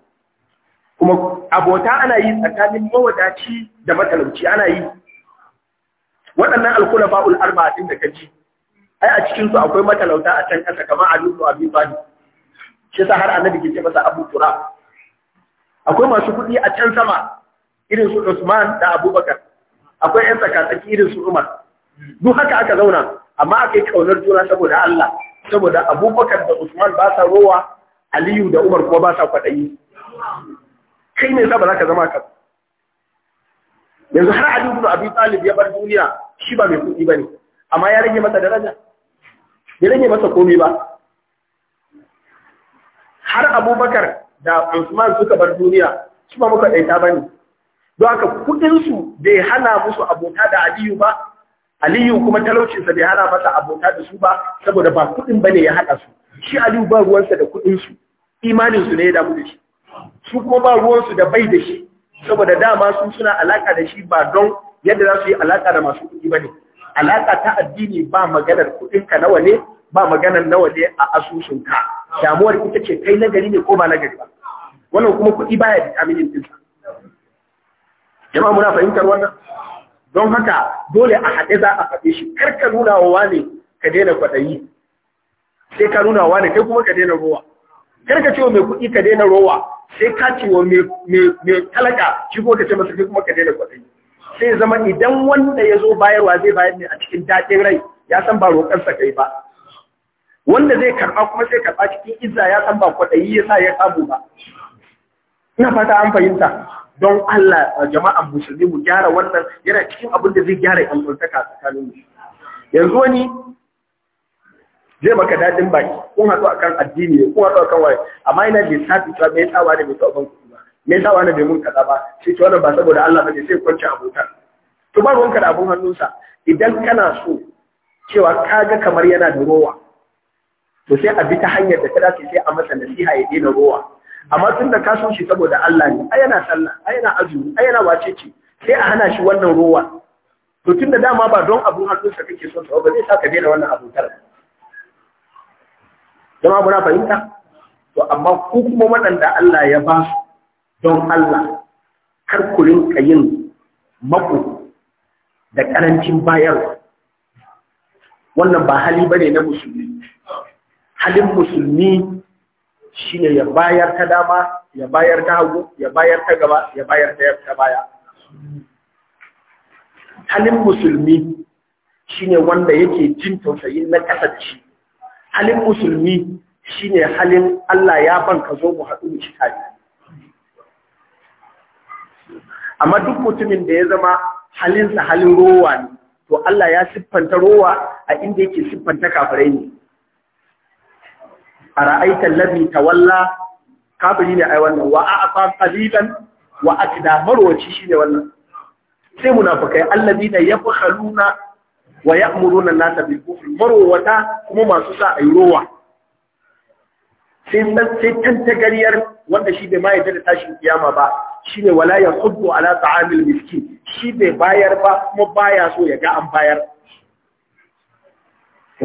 kuma abota ana yi tsakanin mawadaci da matalauci ana yi waɗannan alkula ba'ul arba'a da kaji ai a cikin su akwai matalauta a can kasa kamar Ali ibn Abi Talib shi sa har annabi ke ce masa abu tura akwai masu kuɗi a can sama irin su Usman da Abubakar akwai ƴan tsakatsaki irin su Umar duk haka aka zauna amma aka yi kaunar juna saboda Allah saboda Abubakar da Usman ba sa rowa Aliyu da Umar kuma ba sa kwaɗayi kai ne sa ba za ka zama ka yanzu har Ali ibn Abi Talib ya bar duniya shi ba mai kuɗi bane amma ya rage masa daraja ya rage masa komai ba har abubakar da usman suka bar duniya su ba muka ɗaita ba ne don haka kuɗinsu bai hana musu abota da aliyu ba aliyu kuma talaucinsa bai hana masa abota da su ba saboda ba kuɗin ba ne ya haɗa su shi aliyu ba ruwansa da kuɗinsu imaninsu ne ya damu da shi su kuma ba ruwansu da bai da shi saboda dama su suna alaka da shi ba don yadda za su yi alaka da masu kuɗi ba ne alaka ta addini ba maganar kuɗinka nawa ne ba maganar nawa ne a asusunka damuwar ita ce kai nagari ne ko ba nagari ba wannan kuma kuɗi baya determining aminin dinsa jama'a muna fahimtar wannan don haka dole a haɗe za a faɗe shi kar ka nuna wa wane ka daina kwaɗayi sai ka nuna wa wane kai kuma ka daina rowa kar ka ce wa mai kuɗi ka daina rowa sai ka ce wa mai talaka shi kuma ka ce masa kai kuma ka daina kwaɗayi sai zama idan wanda ya zo bayarwa zai bayar ne a cikin daɗin rai ya san ba roƙarsa kai ba wanda zai karɓa kuma sai karɓa cikin izza ya san ba kwaɗayi ya sa ya samu ba ina fata an fahimta don Allah jama'an musulmi mu gyara wannan yana cikin abin da zai gyara yankuntaka tsakanin mu yanzu wani zai maka dadin baki kun haɗu akan addini ne kun haɗu akan waye amma yana lissafi cewa mai tsawa da tsawon kuɗi ba me tsawa bai mun kaza ba sai ce wannan ba saboda Allah ne sai kwanci abota to ba ruwanka da abin hannunsa idan kana so cewa kaga kamar yana da rowa to sai a bi ta hanyar da ta dace sai a masa nasiha ya daina rowa amma tun da ka shi saboda Allah ne ai yana sallah ai yana azumi ai yana wacece sai a hana shi wannan rowa to tun da dama ba don abun hannunsa kake son sa ba zai sa ka daina wannan tar jama'a muna fahimta to amma ku kuma waɗanda Allah ya ba su don Allah kar ku rinka yin mako da karancin bayarwa wannan ba hali bane na musulmi halin musulmi shi ne ya bayar ta dama ya bayar ta hagu ya bayar ta gaba ya bayar ta baya halin musulmi shi ne wanda yake jin tausayi na kasance. halin musulmi shi ne halin Allah ya banka zo mu haɗu mu shi amma duk mutumin da ya zama halinsa halin rowa ne to Allah ya siffanta rowa a inda yake siffanta kafirai ne ara'aita allazi tawalla kafiri ne ai wannan wa a'fa qalilan wa akda marwaci shine wannan sai munafikai allazina yabkhaluna wa ya'muruna an-nasa bil kufr marwata kuma masu sa ayi rowa sai sai tantagariyar wanda shi bai ma da tashin kiyama ba shine wala yasuddu ala ta'amil miskin shi bai bayar ba kuma baya so ya ga an bayar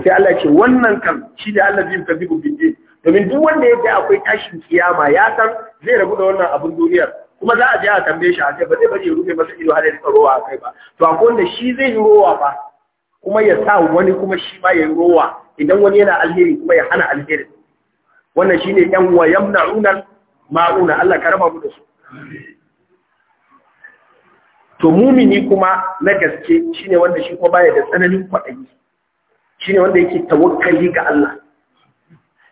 sai Allah ce wannan kan shi da Allah zai kafi bidde domin duk wanda yake akwai tashin kiyama ya san zai rabu da wannan abun duniyar kuma za a je a tambaye shi a ce ba zai bari ya rufe masa ido har ya rika rowa a kai ba to akwai wanda shi zai yi rowa ba kuma ya sa wani kuma shi ma ya yi rowa idan wani yana alheri kuma ya hana alheri wannan shi shine yan na yamna'una ma'una Allah ka raba mu da su to mumini kuma na gaske shine wanda shi kuma baya da tsananin kwaɗayi Shi ne wanda yake tawakkali ga Allah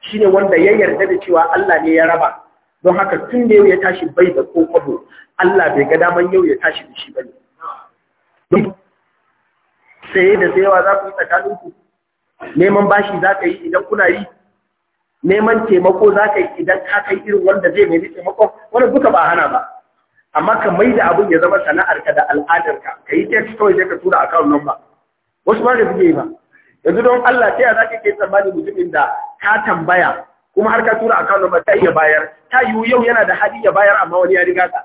Shi ne wanda ya yarda da cewa Allah ne ya raba don haka tun da yau ya tashi bai da ko kwado Allah bai ga daman yau ya tashi da shi bane sai da wa za ku yi tsakaninku neman bashi za ka yi idan kuna yi neman taimako za ka yi idan ka kai irin wanda zai nemi taimako wani duka ba hana ba amma ka mai da abun ya zama sana'arka da al'adarka ka yi text kawai sai ka tura account number wasu ba da suke yi ba yanzu don Allah ta yaya ke kai tsammani mutumin da ka tambaya kuma har ka tura account number ta iya bayar ta yiwu yau yana da hali ya bayar amma wani ya riga ka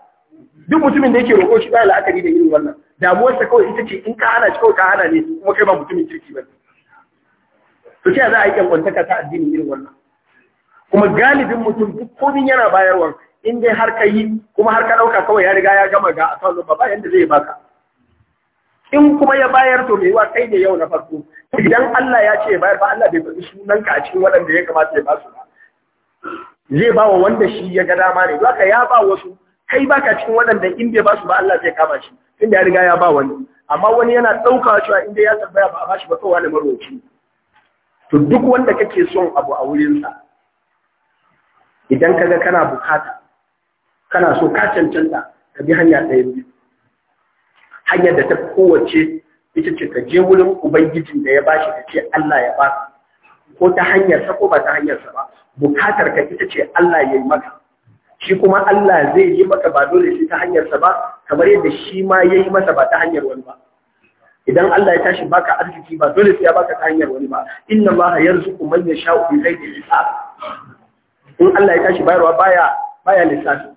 duk mutumin da yake roƙo shi baya la'akari da irin wannan damuwarsa kawai ita ce in ka hana shi kawai ka hana ne kuma kai ba mutumin kirki ba to ta za a yi kyankwantaka ta addinin irin wannan kuma galibin mutum duk komin yana bayarwa in dai har ka yi kuma har ka ɗauka kawai ya riga ya gama ga account number ba yanda zai baka in kuma ya bayar to mai wa kai ne yau na farko idan Allah ya ce bayar ba Allah bai faɗi sunanka a cikin waɗanda ya kamata ya ba su ba zai ba wa wanda shi ya ga dama ne zaka ya ba wasu kai baka cikin waɗanda in bai su ba Allah zai kama shi Tunda ya riga ya ba wani amma wani yana ɗaukawa cewa in dai ya tambaya ba a ba shi ba kowa ne to duk wanda kake son abu a wurinsa idan kaga kana bukata kana so ka cancanta ka bi hanya ɗaya biyu hanyar da ta kowace ita ce ka je wurin ubangijin da ya bashi ka ce Allah ya ba ko ta hanyar sa ko ba ta hanyar sa ba bukatar ka ita ce Allah ya yi maka shi kuma Allah zai yi maka ba dole shi ta hanyar sa ba kamar yadda shi ma ya yi masa ba ta hanyar wani ba idan Allah ya tashi baka arziki ba dole sai ya baka ta hanyar wani ba inna Allah yarzuqu man yasha'u bi ghairi hisab in Allah ya tashi bayarwa baya baya lissafi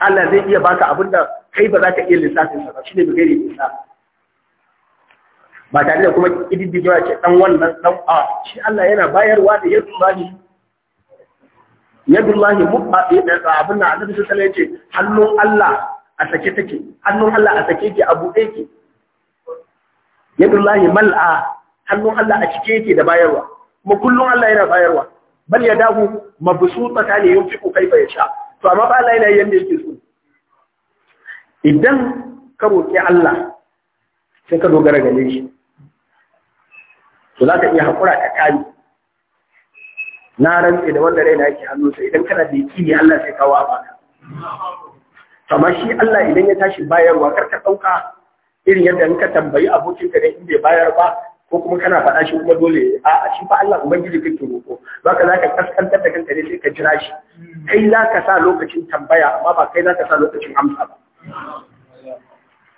Allah zai iya baka abin da kai ba za ka iya lissafin sa shi ne bai gari lissafin ba tare da kuma kididdigewa ce dan wannan dan a shi Allah yana bayarwa da yadda zani mu mubadi da abin nan annabi sallallahu alaihi wasallam hannun Allah a sake take hannun Allah a sake ki a buɗe ki yadullahi mal'a hannun Allah a cike yake da bayarwa kuma kullum Allah yana bayarwa bal ya dahu ta ne yunfiqu kaifa yasha to amma ba Allah yana yanda yake so idan ka roƙi Allah sai ka dogara gare shi to za ka iya haƙura ka kare na rantse da wanda raina yake sai idan kana da ne Allah sai kawo a baka amma shi Allah idan ya tashi bayarwa kar ka ɗauka irin yadda in ka tambayi abokin ka ne in bai bayar ba ko kuma kana faɗa shi kuma dole a a shi fa Allah ubangiji kake roƙo ba ka zaka kaskantar da kanka ne sai ka jira shi kai za ka sa lokacin tambaya amma ba kai za ka sa lokacin amsa ba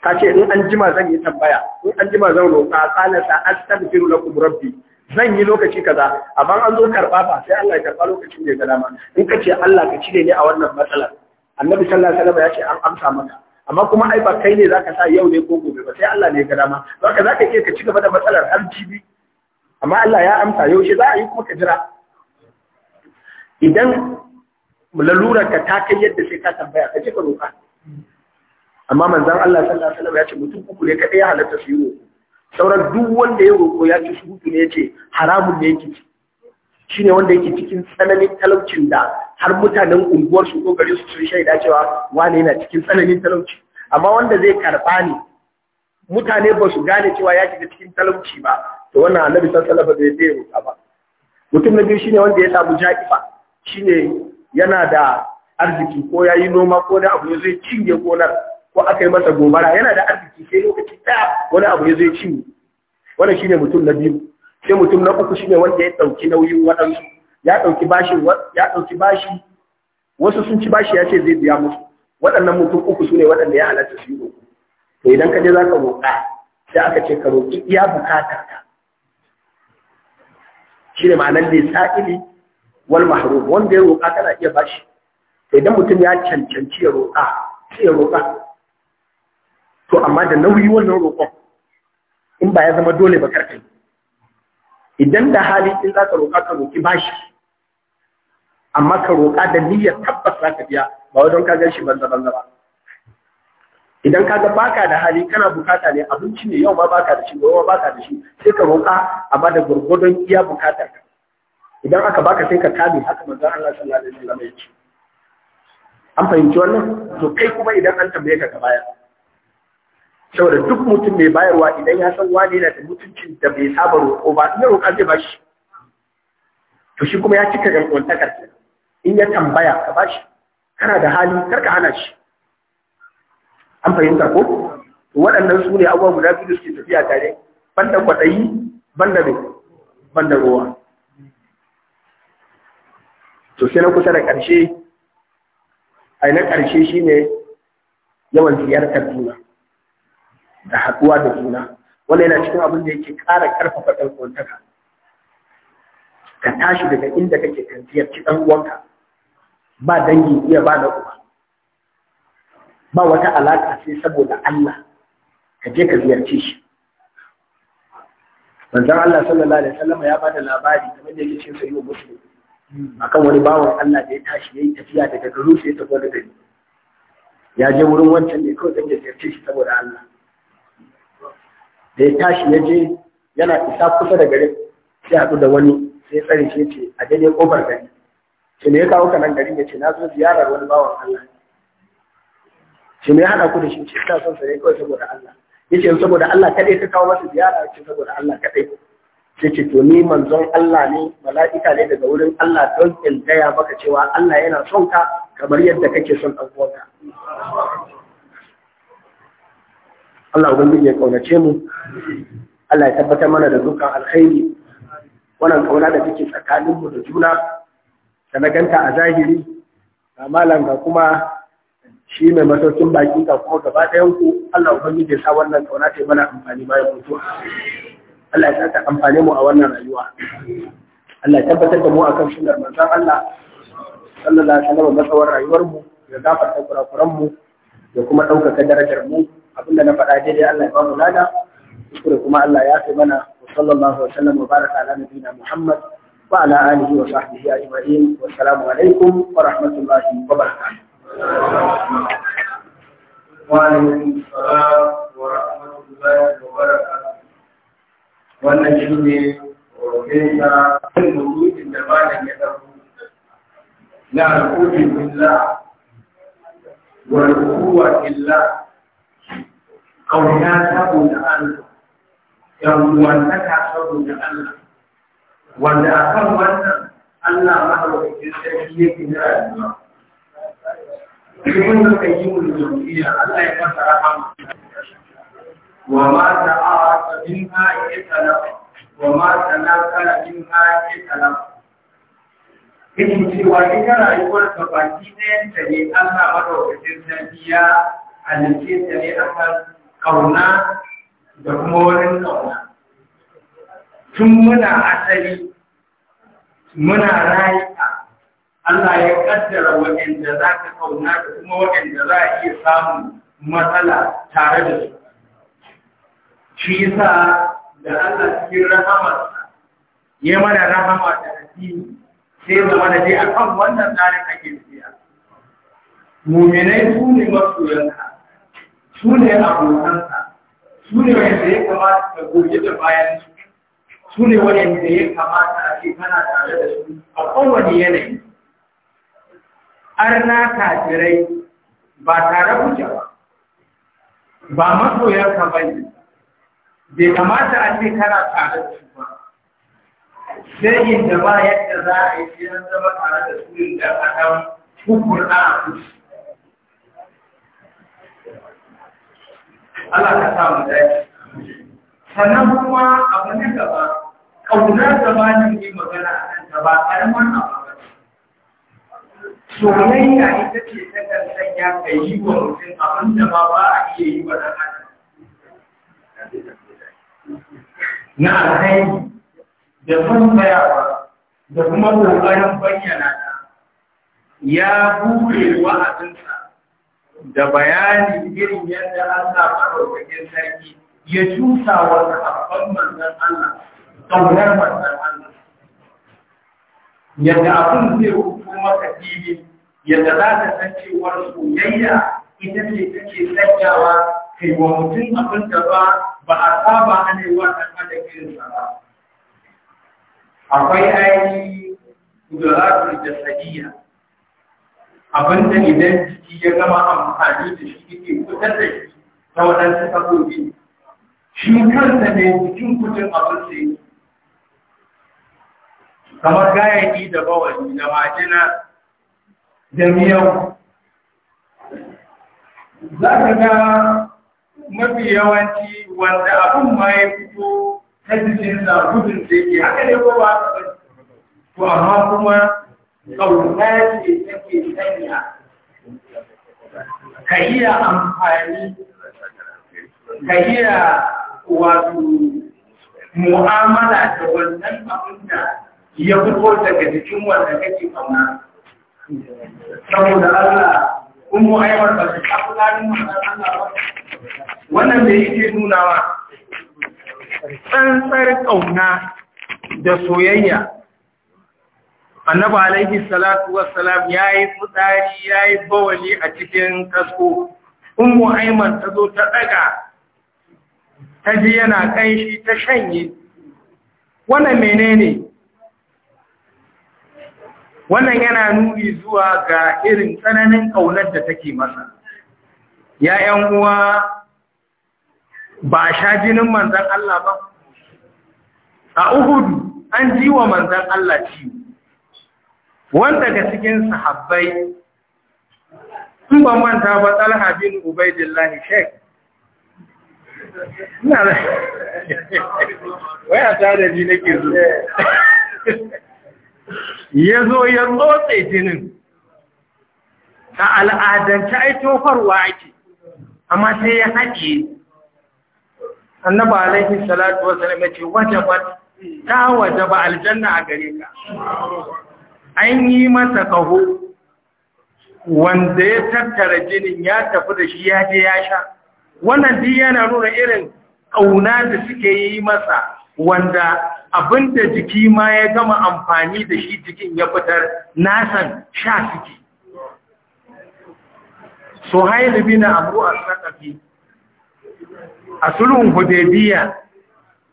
ka ce in an jima zan yi tambaya in an jima zan roƙa qala sa astaghfiru lakum rabbi zan yi lokaci kaza amma an zo karba ba sai Allah ya karba lokacin da ya dama in ka ce Allah ka cire ni a wannan matsalar annabi sallallahu alaihi wasallam ya ce an amsa maka amma kuma ai ba kai ne zaka sa yau ne ko gobe ba sai Allah ne ya ga dama haka zaka iya ka ci gaba da matsalar har jibi amma Allah ya amsa yau shi za a yi kuma ka jira idan lalura ka ta kai yadda sai ka tambaya ka ce ka roƙa amma manzan Allah sallallahu alaihi wasallam ya ce mutum uku ne kadai ya halatta su yi sauran duk wanda ya roko ya ci surutu ne ce haramun ne yake ci shine wanda yake cikin tsananin talaucin da har mutanen unguwar su kokari su sun shaida cewa wane yana cikin tsananin talauci amma wanda zai karba ne mutane ba su gane cewa ya shiga cikin talauci ba to wannan annabi sallallahu alaihi wasallam bai roka ba mutum na biyu shine wanda ya samu ja'ifa shine yana da arziki ko yayi noma ko da abu zai cinye gonar ko aka yi masa gobara yana da arziki sai lokaci ta wani abu ya zai ciwo wannan shine mutum na biyu sai mutum na uku shine wanda ya dauki nauyin waɗansu ya dauki bashi ya dauki bashi wasu sun ci bashi ya ce zai biya musu waɗannan mutum uku sune waɗanda ya halatta su yi roƙo to idan ka je za ka roƙa sai aka ce ka roƙi iya bukatar ka shine ma'anar lisa'ili wal mahrum wanda ya roƙa kana iya bashi idan mutum ya cancanci ya roƙa sai ya roƙa to amma da nauyi wannan roƙon in ba ya zama dole ba karka idan da hali in za ka roƙa ka roƙi bashi amma ka roƙa da niyyar tabbas za ka biya ba wajen ka gan shi banza banza ba idan ka ga baka da hali kana bukata ne abinci ne yau ma baka da shi gobe ma baka da shi sai ka roƙa amma da gurgudun iya bukatar ka idan aka baka sai ka kame haka manzon Allah sallallahu alaihi wasallam ya ce an fahimci wannan to kai kuma idan an tambaye ka ka bayar saboda duk mutum mai bayarwa idan ya san wani yana da mutuncin da bai saba roƙo ba in ya roƙa zai bashi to shi kuma ya cika yankuntakar ke in ya tambaya ka bashi kana da hali kar ka hana shi an fahimta ko waɗannan su ne abubuwa guda biyu da suke tafiya tare banda kwaɗayi banda mai banda ruwa to sai na kusa da ƙarshe a ina ƙarshe shine yawan ziyartar juna da haɗuwa da juna wanda yana cikin abin da yake ƙara ƙarfafa ɗan uwantaka ka tashi daga inda kake kan ziyarci ɗan uwanka ba dangi iya ba da uba ba wata alaƙa sai saboda Allah ka je ka ziyarce shi manzon Allah sallallahu alaihi wasallam ya bada labari game da yake wa sahihu muslim akan wani bawan Allah da ya tashi yayi tafiya daga garin sai ta da ni. ya je wurin wancan ne kawai dan ya ziyarce shi saboda Allah da ya tashi ya je yana isa kusa da gari sai haɗu da wani sai tsare ce ce a daidai ƙofar gari shi ne ya kawo ka nan gari ya ce na zo ziyarar wani bawan Allah shi ne ya haɗa ku da shi ce ta son sa kawai saboda Allah ya ce saboda Allah kaɗai ka kawo masa ziyara ce saboda Allah kaɗai sai ce to ni manzon Allah ne mala'ika ne daga wurin Allah don in gaya maka cewa Allah yana son ka kamar yadda kake son ɗan uwanka Allah ubangiji ya kaunace mu Allah ya tabbatar mana da dukkan alkhairi wannan kauna da take tsakanin mu da juna da na ganta a zahiri ga malam ga kuma shi mai masaukin baki ga kuma gaba ɗayan ku Allah ubangiji ya sa wannan kauna ta mana amfani bayan mutuwa Allah ya sa amfane mu a wannan rayuwa Allah ya tabbatar da mu akan sunnar manzon Allah sallallahu alaihi wasallam tsawon rayuwar mu ya gafarta kurakuran mu da kuma ɗaukaka darajar mu abinda na faɗa daidai Allah ya bamu lada kuskure kuma Allah ya fi mana wa sallallahu wa sallam wa baraka ala nabiyina Muhammad wa ala alihi wa sahbihi ajma'in wa assalamu alaikum wa rahmatullahi wa barakatuh wa alaikum assalam wa rahmatullahi wa barakatuh wannan shine wakilta kan mutumin da malam ya dauko na al'ubi billah wa al'uwa billah ƙauna saboda Allah yanzuwantaka saboda Allah wanda a kan wannan Allah mahaukakin sarki yake na rayuwa Ibn yi al-Jawziyya Allah ya masa rahama wa ma ta'ata minha italaq wa ma tanakala minha italaq Ikin cewa ita rayuwar ka baki ɗayanta ne Allah madaukakin sarki ya halice ta ne akan ƙauna da kuma wurin ƙauna tun muna asali muna rayuka Allah ya kaddara waɗanda za ka kauna da kuma waɗanda za a iya samun matsala tare da su. Shi yasa da Allah cikin rahamarsa ya mana rahama da addini sai zama mana dai akan wannan tsarin ake tafiya. Muminai su ne masoyanka, su ne abokansa su ne wanda ya kamata ka goge da bayan su su ne wanda ya kamata a ce kana tare da su a kowane yanayi arna kafirai ba tare kuke ba ba masoyar ba ne. bai kamata a ce kana tare da su ba sai da ba yadda za a yi shi zama tare da su da kaɗan kukurna a kusa Allah ka sa mu dace sannan kuma abu na gaba kauna gaba ne magana a nan ta ba karamar abu ba soyayya ita ce ta ka yi wa mutum abin da ba ba a iya yi wa ɗan adam na alhaini da son tsayawa da kuma ƙoƙarin bayyana ta ya buɗe wa'azinsa da bayani irin yadda Allah maɗaukakin sarki ya cusa wa sahabban manzan Allah, ƙaunar manzan Allah. Yadda abin zai rufu maka yadda za ka san cewar soyayya ita ce take sanyawa kai wa mutum abin da ba ba a saba hanewa ɗan adam sa ba. Akwai ainihi kuduratu da sadiya. abinda idan jiki ya zama amfani da shi yake fitar da shi ta waɗansu sabobi shi kansa ne jikin kudin abin sai kamar gayaki da bawani da majina da miyau za ka ga mafi yawanci wanda abin ma ya fito ta jikin da gudun da yake haka ne kowa a ba to amma kuma ƙauna take sanya ka iya amfani ka iya wato mu'amala da wannan abin da ya fito daga jikin wanda kake ƙauna saboda Allah kun mu aiwar ba su kafu tsarin Allah ba wannan da yake nunawa tsantsar ƙauna da soyayya annabi alaihi salatu wassalam yayi fitsari yayi bawali a cikin kasko ummu aiman ta zo ta daga ta ji yana kanshi ta shanye wannan menene wannan yana nuni zuwa ga irin tsananin kaunar da take masa ya yan uwa ba sha jinin manzon Allah ba a uhudu an ji wa manzan Allah ciwo wanda daga cikin sahabbai in ban manta ba talha bin ubaidillahi sheik ina da waya ta da jini ke zo ya zo ya tsotse jinin ta al'adance ai tofarwa ake amma sai ya haƙe annaba alaihi salatu wasallam ya ce wajaba ta wajaba aljanna a gare ka an yi masa kaho wanda ya tattara jinin ya tafi da shi ya je ya sha wannan din yana nuna irin ƙauna da suke yi masa wanda abinda jiki ma ya gama amfani da shi jikin ya fitar nasan sha suke suhail bin amru as-saqafi a sulhun hudebiya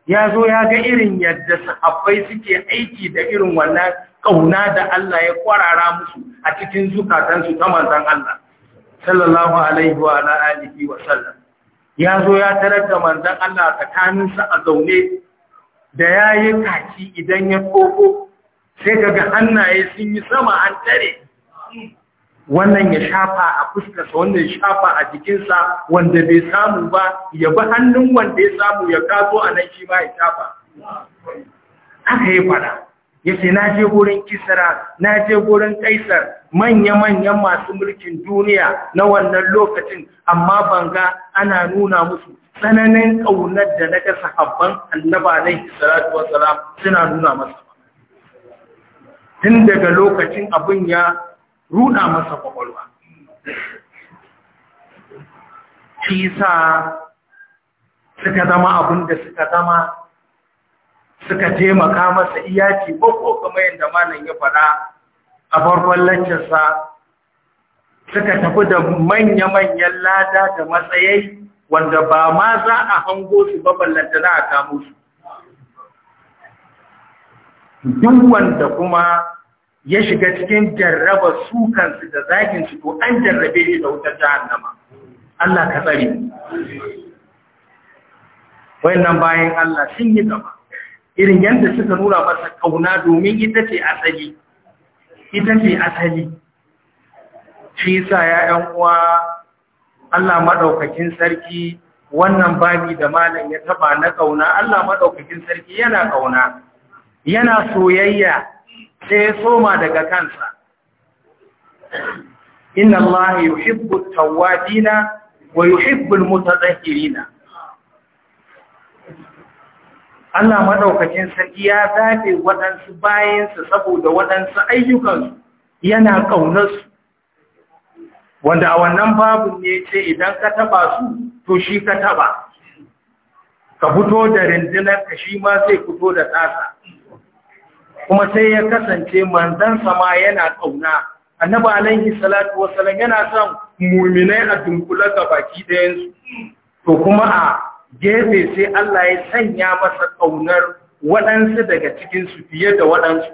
ya zo ya ga irin yadda sahabbai suke aiki da irin wannan kauna da Allah ya kwarara musu a cikin zukatansu ta manzan Allah sallallahu alaihi wa alihi wa sallam ya zo ya tarar da manzan Allah sa a zaune da yayin kaki idan ya koko sai kaga hannaye sun yi sama an tare wannan ya shafa a fuskarsa wannan ya shafa a jikinsa wanda bai samu ba ya bi hannun wanda ya samu ya kaso a nan shi ba ya shafa aka yi fada ya ce na je gurin kisra na je gurin kaisar manya-manyan masu mulkin duniya na wannan lokacin amma banga ana nuna musu tsananin ƙaunar da na ga sahabban annaba na salatu suna nuna masa tun daga lokacin abin ya ruɗa masa kwakwalwa shi sa suka zama abin da suka zama suka taimaka masa iyaci bako kama yadda malam ya faɗa a farkon lancinsa suka tafi da manya-manyan lada da matsayai wanda ba ma za a hango su baballanta na a kamo su duk wanda kuma ya shiga cikin jarraba su da zagin su to an jarrabe shi da wutar jahannama Allah ka tsare wayannan bayan Allah sun yi gaba irin yadda suka nuna masa kauna domin ita ce asali ita ce asali shi sa ya ɗan uwa Allah maɗaukakin sarki wannan babi da malam ya taba na ƙauna. Allah maɗaukakin sarki yana ƙauna, yana soyayya sai ya soma daga kansa inna Allah yuhibbu at tawadina wa yuhibbu al-mutatahhirina Allah maɗaukacin sarki ya zafe waɗansu bayansa saboda waɗansu ayyukansu yana ƙaunarsu wanda a wannan babu ne ce idan ka taɓa su to shi ka taba ka fito da rindinar ka shi ma zai fito da tasa kuma sai ya kasance manzon sama yana kauna annaba alaihi salatu wasalam yana son mu'minai a dunkula ga baki ɗayansu to kuma a gefe sai Allah ya sanya masa kaunar waɗansu daga cikin fiye da waɗansu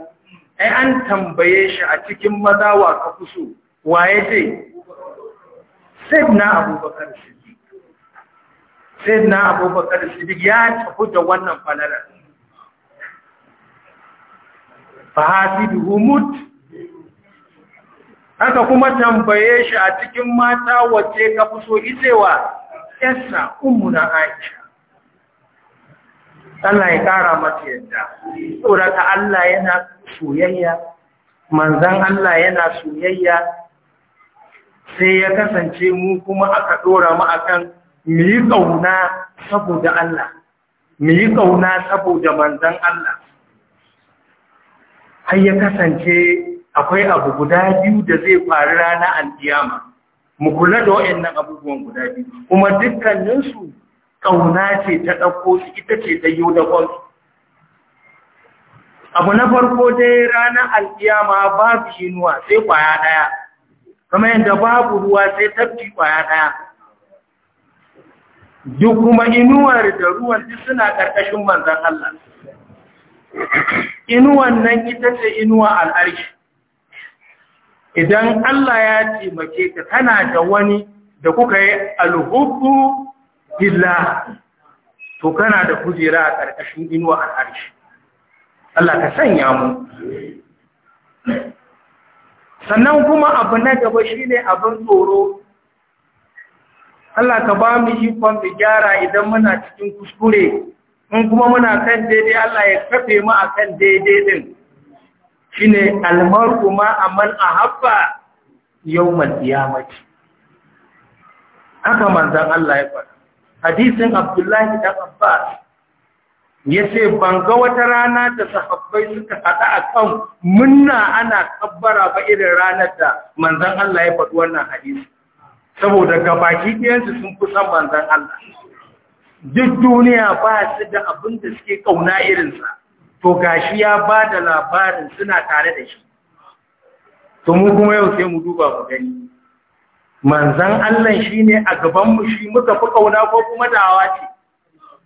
ai an tambaye shi a cikin maza wa ka kuso waye ce sayyidina abubakar abubakar siddiq ya tafi da wannan falalar fahasiduhu humut aka kuma tambaye shi a cikin mata wace ka fi so isewa ummu na aisha Allah ya kara mata yadda tsorata Allah yana soyayya manzan Allah yana soyayya sai ya kasance mu kuma aka dora mu akan mu yi kauna saboda Allah mu kauna saboda manzan Allah har ya kasance akwai abu guda biyu da zai faru rana alkiyama mu kula da wayannan abubuwan guda biyu kuma dukkaninsu ƙauna ce ta ɗauko su ita ce ta yau da abu na farko dai ranar alkiyama babu inuwa sai kwaya ɗaya kuma yadda babu ruwa sai tafki kwaya ɗaya duk kuma inuwar da ruwan duk suna ƙarƙashin manzan Allah inuwan nan ita ce inuwa al’arki idan Allah ya taimake ka tana da wani da kuka yi alhubu gila to kana da kujera a ƙarƙashin inuwa al’arki Allah ka sanya mu sannan kuma abu na gaba shine abin tsoro Allah ka ba mu ikon mu gyara idan muna cikin kuskure in kuma muna kan daidai Allah ya kafe mu akan daidai din shine almar'u ma amman ahabba yawmal qiyamati haka manzon Allah ya faɗa hadisin Abdullahi dan Abbas yace ban ga wata rana da sahabbai suka hada kan? munna ana kabbara ba irin ranar da manzon Allah ya faɗi wannan hadisi saboda gabaki ɗayansu sun kusa manzon Allah duk duniya ba su da abin da suke kauna irinsa to gashi ya ba da labarin suna tare da shi to mu kuma yau sai mu duba mu gani manzan Allah shi ne a gabanmu shi muka fi kauna ko kuma dawa ce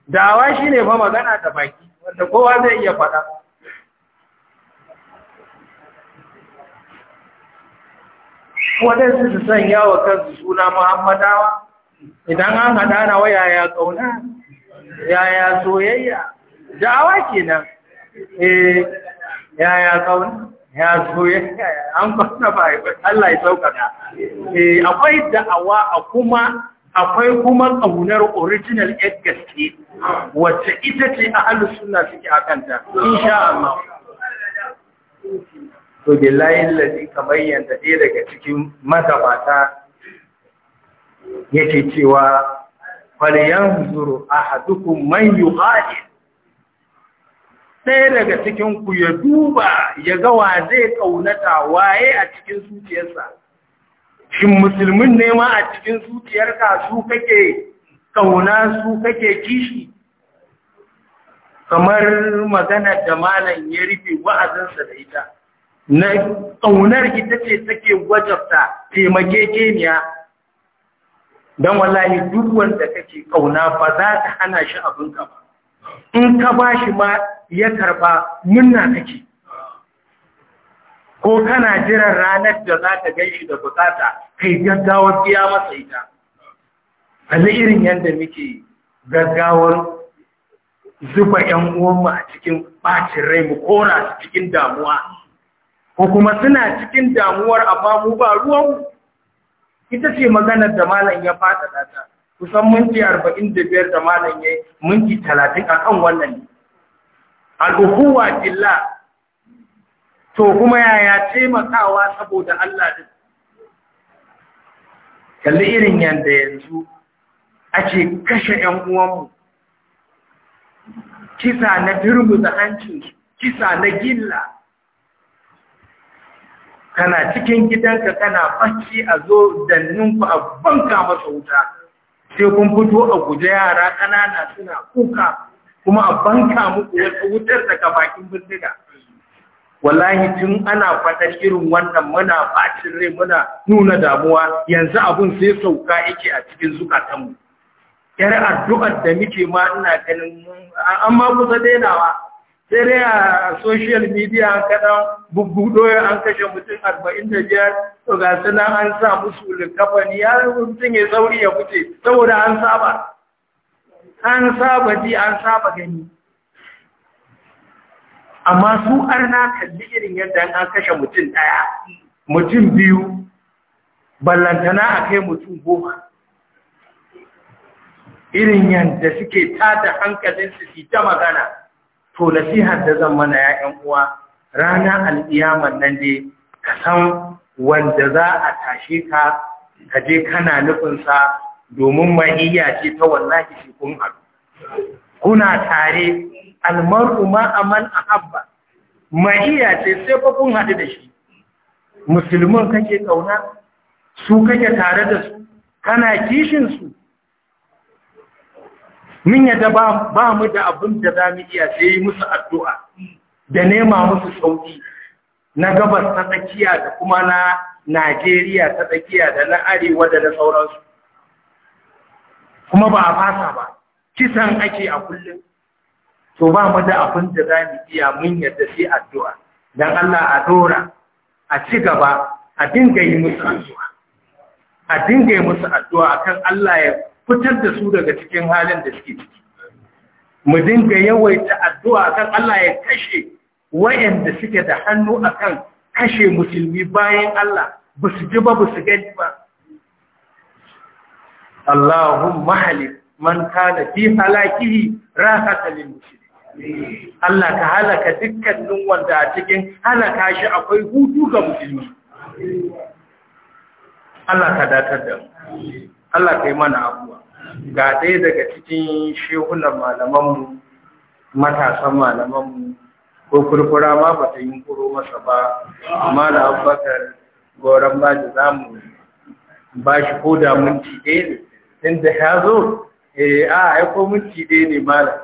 dawa shi ne fa magana da baki wanda kowa zai iya faɗa waɗansu su sanya wa kansu suna muhammadawa idan an haɗa na wa yaya ƙauna yaya soyayya da'awa kenan eh yaya ƙauna ya soyayya an kwana ba Allah ya saukata eh akwai da'awa a kuma akwai kuma ƙaunar original yar gaske wacce ita ce a halin suna suke akanta insha Allah to layin ladi kamar yanda ɗaya daga cikin mata mazabata yake cewa falyanzuru ahadukum man yuqatil Sai daga cikin ku ya duba ya ga wa zai kaunata waye a cikin zuciyarsa shin musulmin ne ma a cikin zuciyarka su kake kauna su kake kishi kamar magana da malam ya rufe wa'azinsa da ita na ƙaunar ita ce take wajabta keniya don wallahi duk wanda kake kauna ba za ta hana shi abinka ba in ka ba shi ma ya karba munna kake ko kana jiran ranar da za ta gan shi da bukata kai gaggawar biya masa ita kalli irin yadda muke gaggawar zuba ‘yan uwanmu a cikin ɓacin rai mu kora su cikin damuwa ko kuma suna cikin damuwar amma mu ba ruwanmu ita ce maganar da malam ya faɗaɗa ta kusan minti arba'in da biyar malam ya minti talatin akan wannan ne ukhuwa billah to kuma yaya taimakawa saboda Allah din kalli irin yanda yanzu ake kashe ‘yan uwanmu kisa na da hancin kisa na gilla kana cikin gidanka kana bacci a zo danninku a banka masa wuta sai kun fito a guje yara ƙanana suna kuka kuma a banka muku wata wutar daga bakin bindiga wallahi tun ana faɗar irin wannan muna bacin rai muna nuna damuwa yanzu abun sai sauka yake a cikin zukatanmu yar addu'ar da muke ma ina ganin an ma kusa dainawa sai dai a social media an kada bubbudo an kashe mutum arba'in da biyar to ga su an sa musu ni ya mutum ya sauri ya fice saboda an saba an saba ji an saba gani amma su arna kalli irin yadda an kashe mutum ɗaya mutum biyu ballantana a kai mutum goma irin yadda suke tada hankalinsu su ta magana to nasihar da zan mana ya'yan uwa rana al'iyamar nan dai ka san wanda za a tashe ka ka je kana nufinsa domin mahiyya ce ta wallahi shi kun haɗu kuna tare almar'u a ahabba Mahiya ce sai fa kun haɗu da shi musulman kake ƙauna? su kake tare da su kana kishin su mun yadda ba mu da abin da za mu iya sai musu addu'a da nema musu sauki na gabas ta tsakiya da kuma na Najeriya ta tsakiya da na arewa da na sauransu. Kuma ba a fasa ba, kisan ake a kullum. To ba mu da abin da za mu iya mun yadda sai addu'a, don Allah a dora, a ci gaba, a dinga yi musu addu'a. A dinga yi musu addu'a akan Allah ya fitar da su daga cikin halin da suke ciki mu dinga yawaita addu'a kan Allah ya kashe wayanda suke da hannu akan kashe musulmi bayan Allah ba su ji ba ba su gani ba Allahun halik man da fi halakihi rahatan lil musulmi. Allah ka halaka dukkanin wanda a cikin halaka shi akwai hutu ga musulmi Allah ka datar da mu Allah yi mana abuwa ga ɗaya daga cikin shehunan malamanmu matasan malamanmu ko kurkura ma ba ta yi kuro masa ba amma da abubakar goron ba da za mu ba shi ko da minti ɗaya ne inda ya zo eh, a ko minti ɗaya ne malam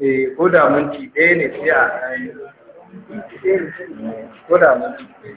eh, ko da minti ɗaya ne sai a ko da minti ɗaya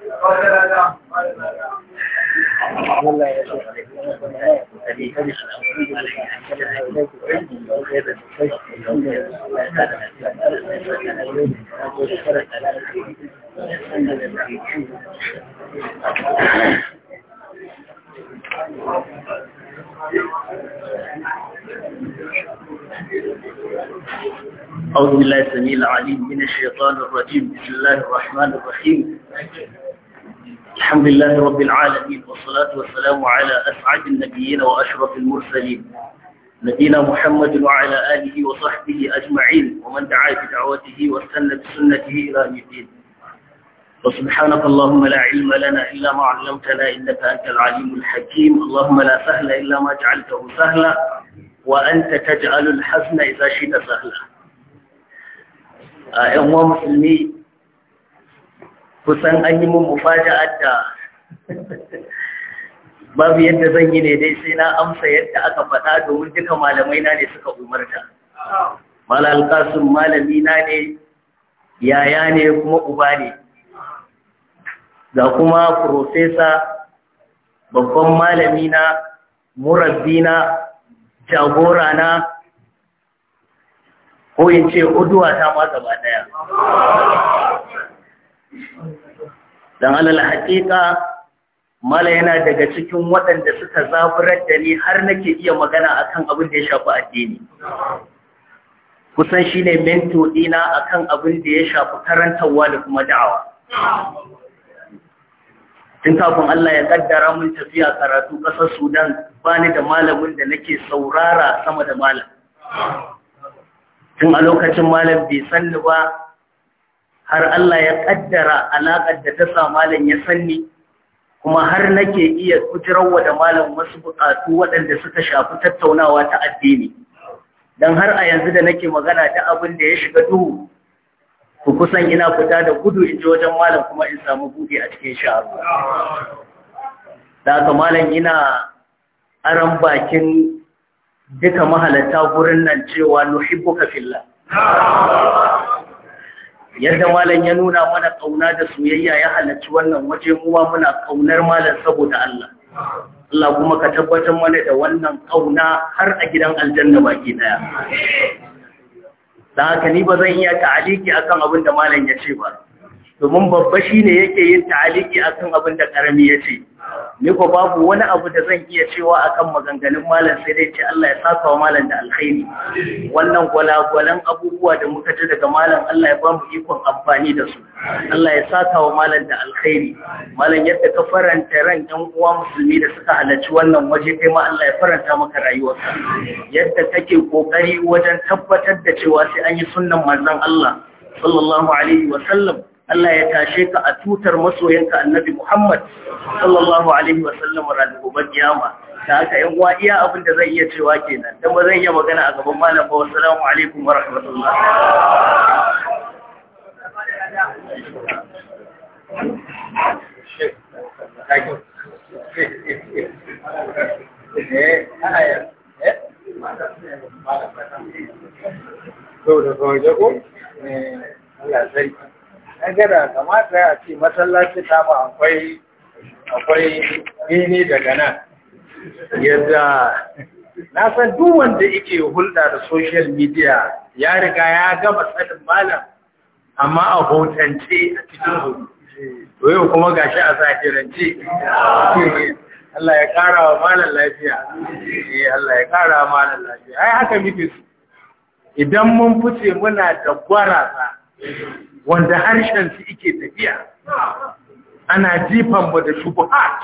أعوذ بالله السميع العليم من الشيطان الرجيم بسم الله الرحمن الرحيم الحمد لله رب العالمين والصلاة والسلام على أسعد النبيين وأشرف المرسلين نبينا محمد وعلى آله وصحبه أجمعين ومن دعا بدعوته واستنى بسنته إلى الدين وسبحانك اللهم لا علم لنا إلا ما علمتنا إنك أنت العليم الحكيم اللهم لا سهل إلا ما جعلته سهلا وأنت تجعل الحزن إذا شئت سهلا ‘yan آه، أمم المسلمين kusan an yi mun mufaja'a da babu yadda zan yi ne dai sai na amsa yadda aka faɗa domin duka malamai na ne suka umarta mala malamina malami na ne yaya ne kuma uba ne ga kuma Furofesa, babban malami na murabbi na jagora na ko in ce uduwa ta ma gaba ɗaya don alal haƙiƙa mala yana daga cikin waɗanda suka zaburar da ni har nake iya magana akan abin da ya shafi addini kusan shine mento dina akan abin da ya shafi karantarwa da kuma da'awa tun kafin Allah ya kaddara mun tafiya karatu ƙasar Sudan bani da malamin da nake saurara sama da malam tun a lokacin malam bai sanni ba har Allah ya ƙaddara alaƙar da ta sa malam ya sanni kuma har nake iya kujirar da malam wasu buƙatu waɗanda suka shafi tattaunawa ta addini don har a yanzu da nake magana ta abin da ya shiga duhu ku kusan ina fita da gudu in ji wajen malam kuma in samu buɗe a cikin sha'aru da malam ina aron bakin duka mahalarta gurin nan cewa nuhibbuka fillah yadda malam ya nuna mana kauna da soyayya ya halarci wannan waje kuma muna kaunar malam saboda Allah Allah kuma ka tabbatar mana da wannan kauna har a gidan aljanna baki daya da haka ni ba zan iya ta'aliki akan abin da malam ya ce ba domin babba shine yake yin ta'aliki akan abin da karami ya ce ni ko babu wani abu da zan iya cewa akan maganganun malam sai dai ce Allah ya saka wa malam da alkhairi wannan gwalagwalan abubuwa da muka ji daga malam Allah ya ba mu ikon amfani da su Allah ya saka wa malam da alkhairi malam yadda ka faranta ran ɗan uwa musulmi da suka halarci wannan waje kai ma Allah ya faranta maka rayuwarka yadda kake kokari wajen tabbatar da cewa sai an yi sunnan manzon Allah sallallahu alaihi wa sallam Allah ya tashe ka a tutar masoyanka annabi Muhammad sallallahu alaihi wa sallam ranar gobe kiyama da haka yan uwa iya abin da zai iya cewa kenan dan ba zai iya magana a gaban malam ba assalamu alaikum wa rahmatullah Thank you. na gada kamata a ce masallaci ta ba akwai akwai gini daga nan yadda na san duwan da yake hulɗa da social media ya riga ya gama tsarin malam amma a hotance a cikin hudu Wai yau kuma gashi a zahirance Allah ya kara wa malam lafiya eh Allah ya kara wa malam lafiya ai haka muke idan mun fice muna da gwara wanda harshen shi ike tafiya ana jifan ba da shubuhat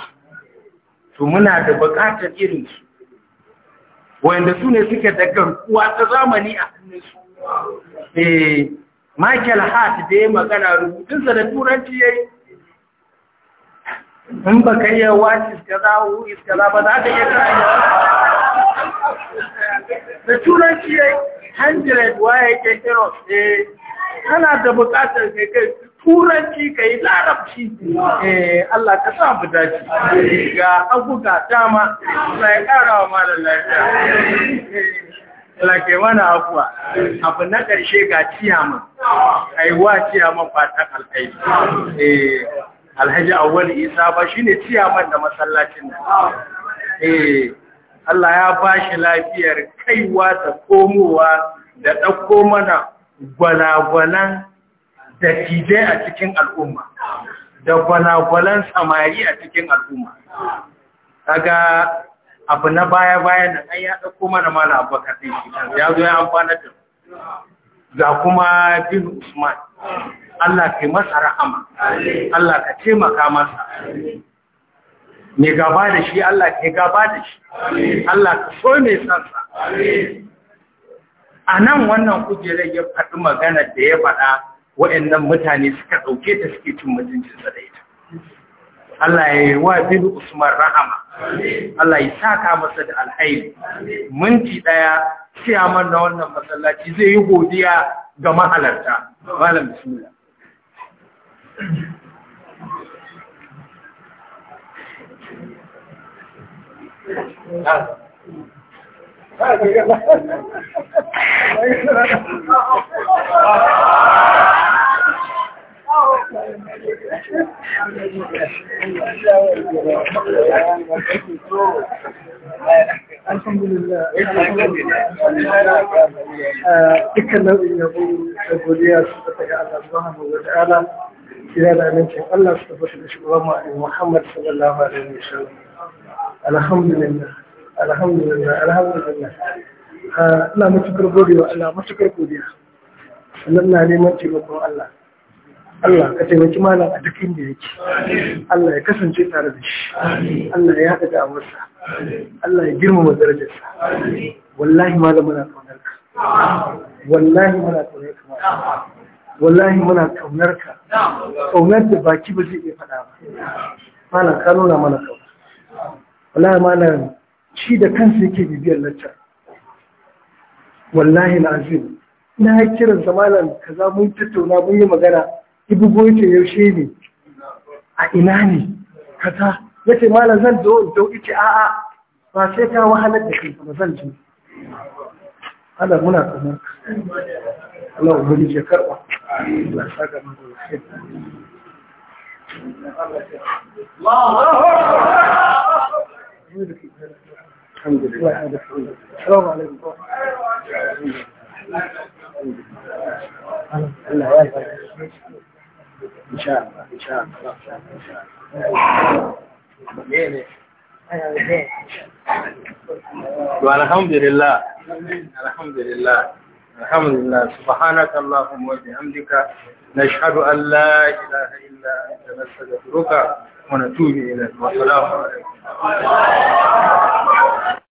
to muna da bukatar irin su wanda su ne suke da garkuwa ta zamani a hannun su eh Michael Hart da ya magana rubutunsa da turanci ya yi. in ba ka iya wace kaza wu iskaza ba za ka iya kira da turanci yi 100 waye ke heroes kana da buƙatar kai kai turanci ka yi larabci eh, Allah ka sa mu dace ga abuga dama Allah ya ƙara wa malar lafiya eh, lake mana afuwa abu na ƙarshe ga ciyaman aiwa ciyaman fatan Eh alhaji awwal isa ba shine ciyaman da masallacin nan Eh Allah ya ba shi lafiyar kaiwa da komowa da ɗauko mana gwalagwalan dattijai a cikin al'umma da gwalagwalan samari a cikin al'umma kaga abu na baya-bayan da an yaɗa kuma mana mala abubakar ɗin shi ya zo ya amfana da ga kuma bin usman Allah ka masa rahama Allah ka taimaka masa mai gaba da shi Allah ka gaba da shi Allah ka so mai sansa a nan wannan kujerar ya faɗi magana da ya faɗa waɗannan mutane suka ɗauke ta suke cin mutuncinsa da ita Allah ya yi wa biyu Usman rahama Allah ya saka masa da alhairi minti ɗaya ciyaman na wannan masallaci zai yi godiya ga mahalarta malam bismillah Thank ah. you. الحمد لله الحمد لله الحمد لله الحمد لله الحمد لله الحمد لله الحمد لله الحمد لله الحمد لله الحمد لله الحمد لله alhamdulillah alhamdulillah ina matukar godewa Allah matukar godiya sannan na neman taimakon Allah Allah ka taimaki malam a duk inda yake Allah ya kasance tare da shi Allah ya haɗa damarsa Allah ya girmama darajarsa wallahi malam muna kaunar ka wallahi muna kaunar ka wallahi muna kaunar ka kaunar da baki ba zai iya faɗa ba malam ka nuna mana kaunar wallahi malam shi da kansa yake bibiyar lantar. wallahi na azim na yi kiran zamanin kaza mun tattauna mun yi magana ibugo yace yaushe ne a ina ne kaza yace malam zan zo zo a a'a ba sai ka wahalar da kai kuma zan ji Allah muna kamar Allah ubangiji ya karba Allah saka mu da Allah الحمد لله السلام عليكم ان شاء الله ان شاء الله ان شاء الله لله الحمد لله الحمد لله سبحانك اللهم وبحمدك نشهد ان لا اله الا انت نستغفرك ونتوب إليه والسلام عليكم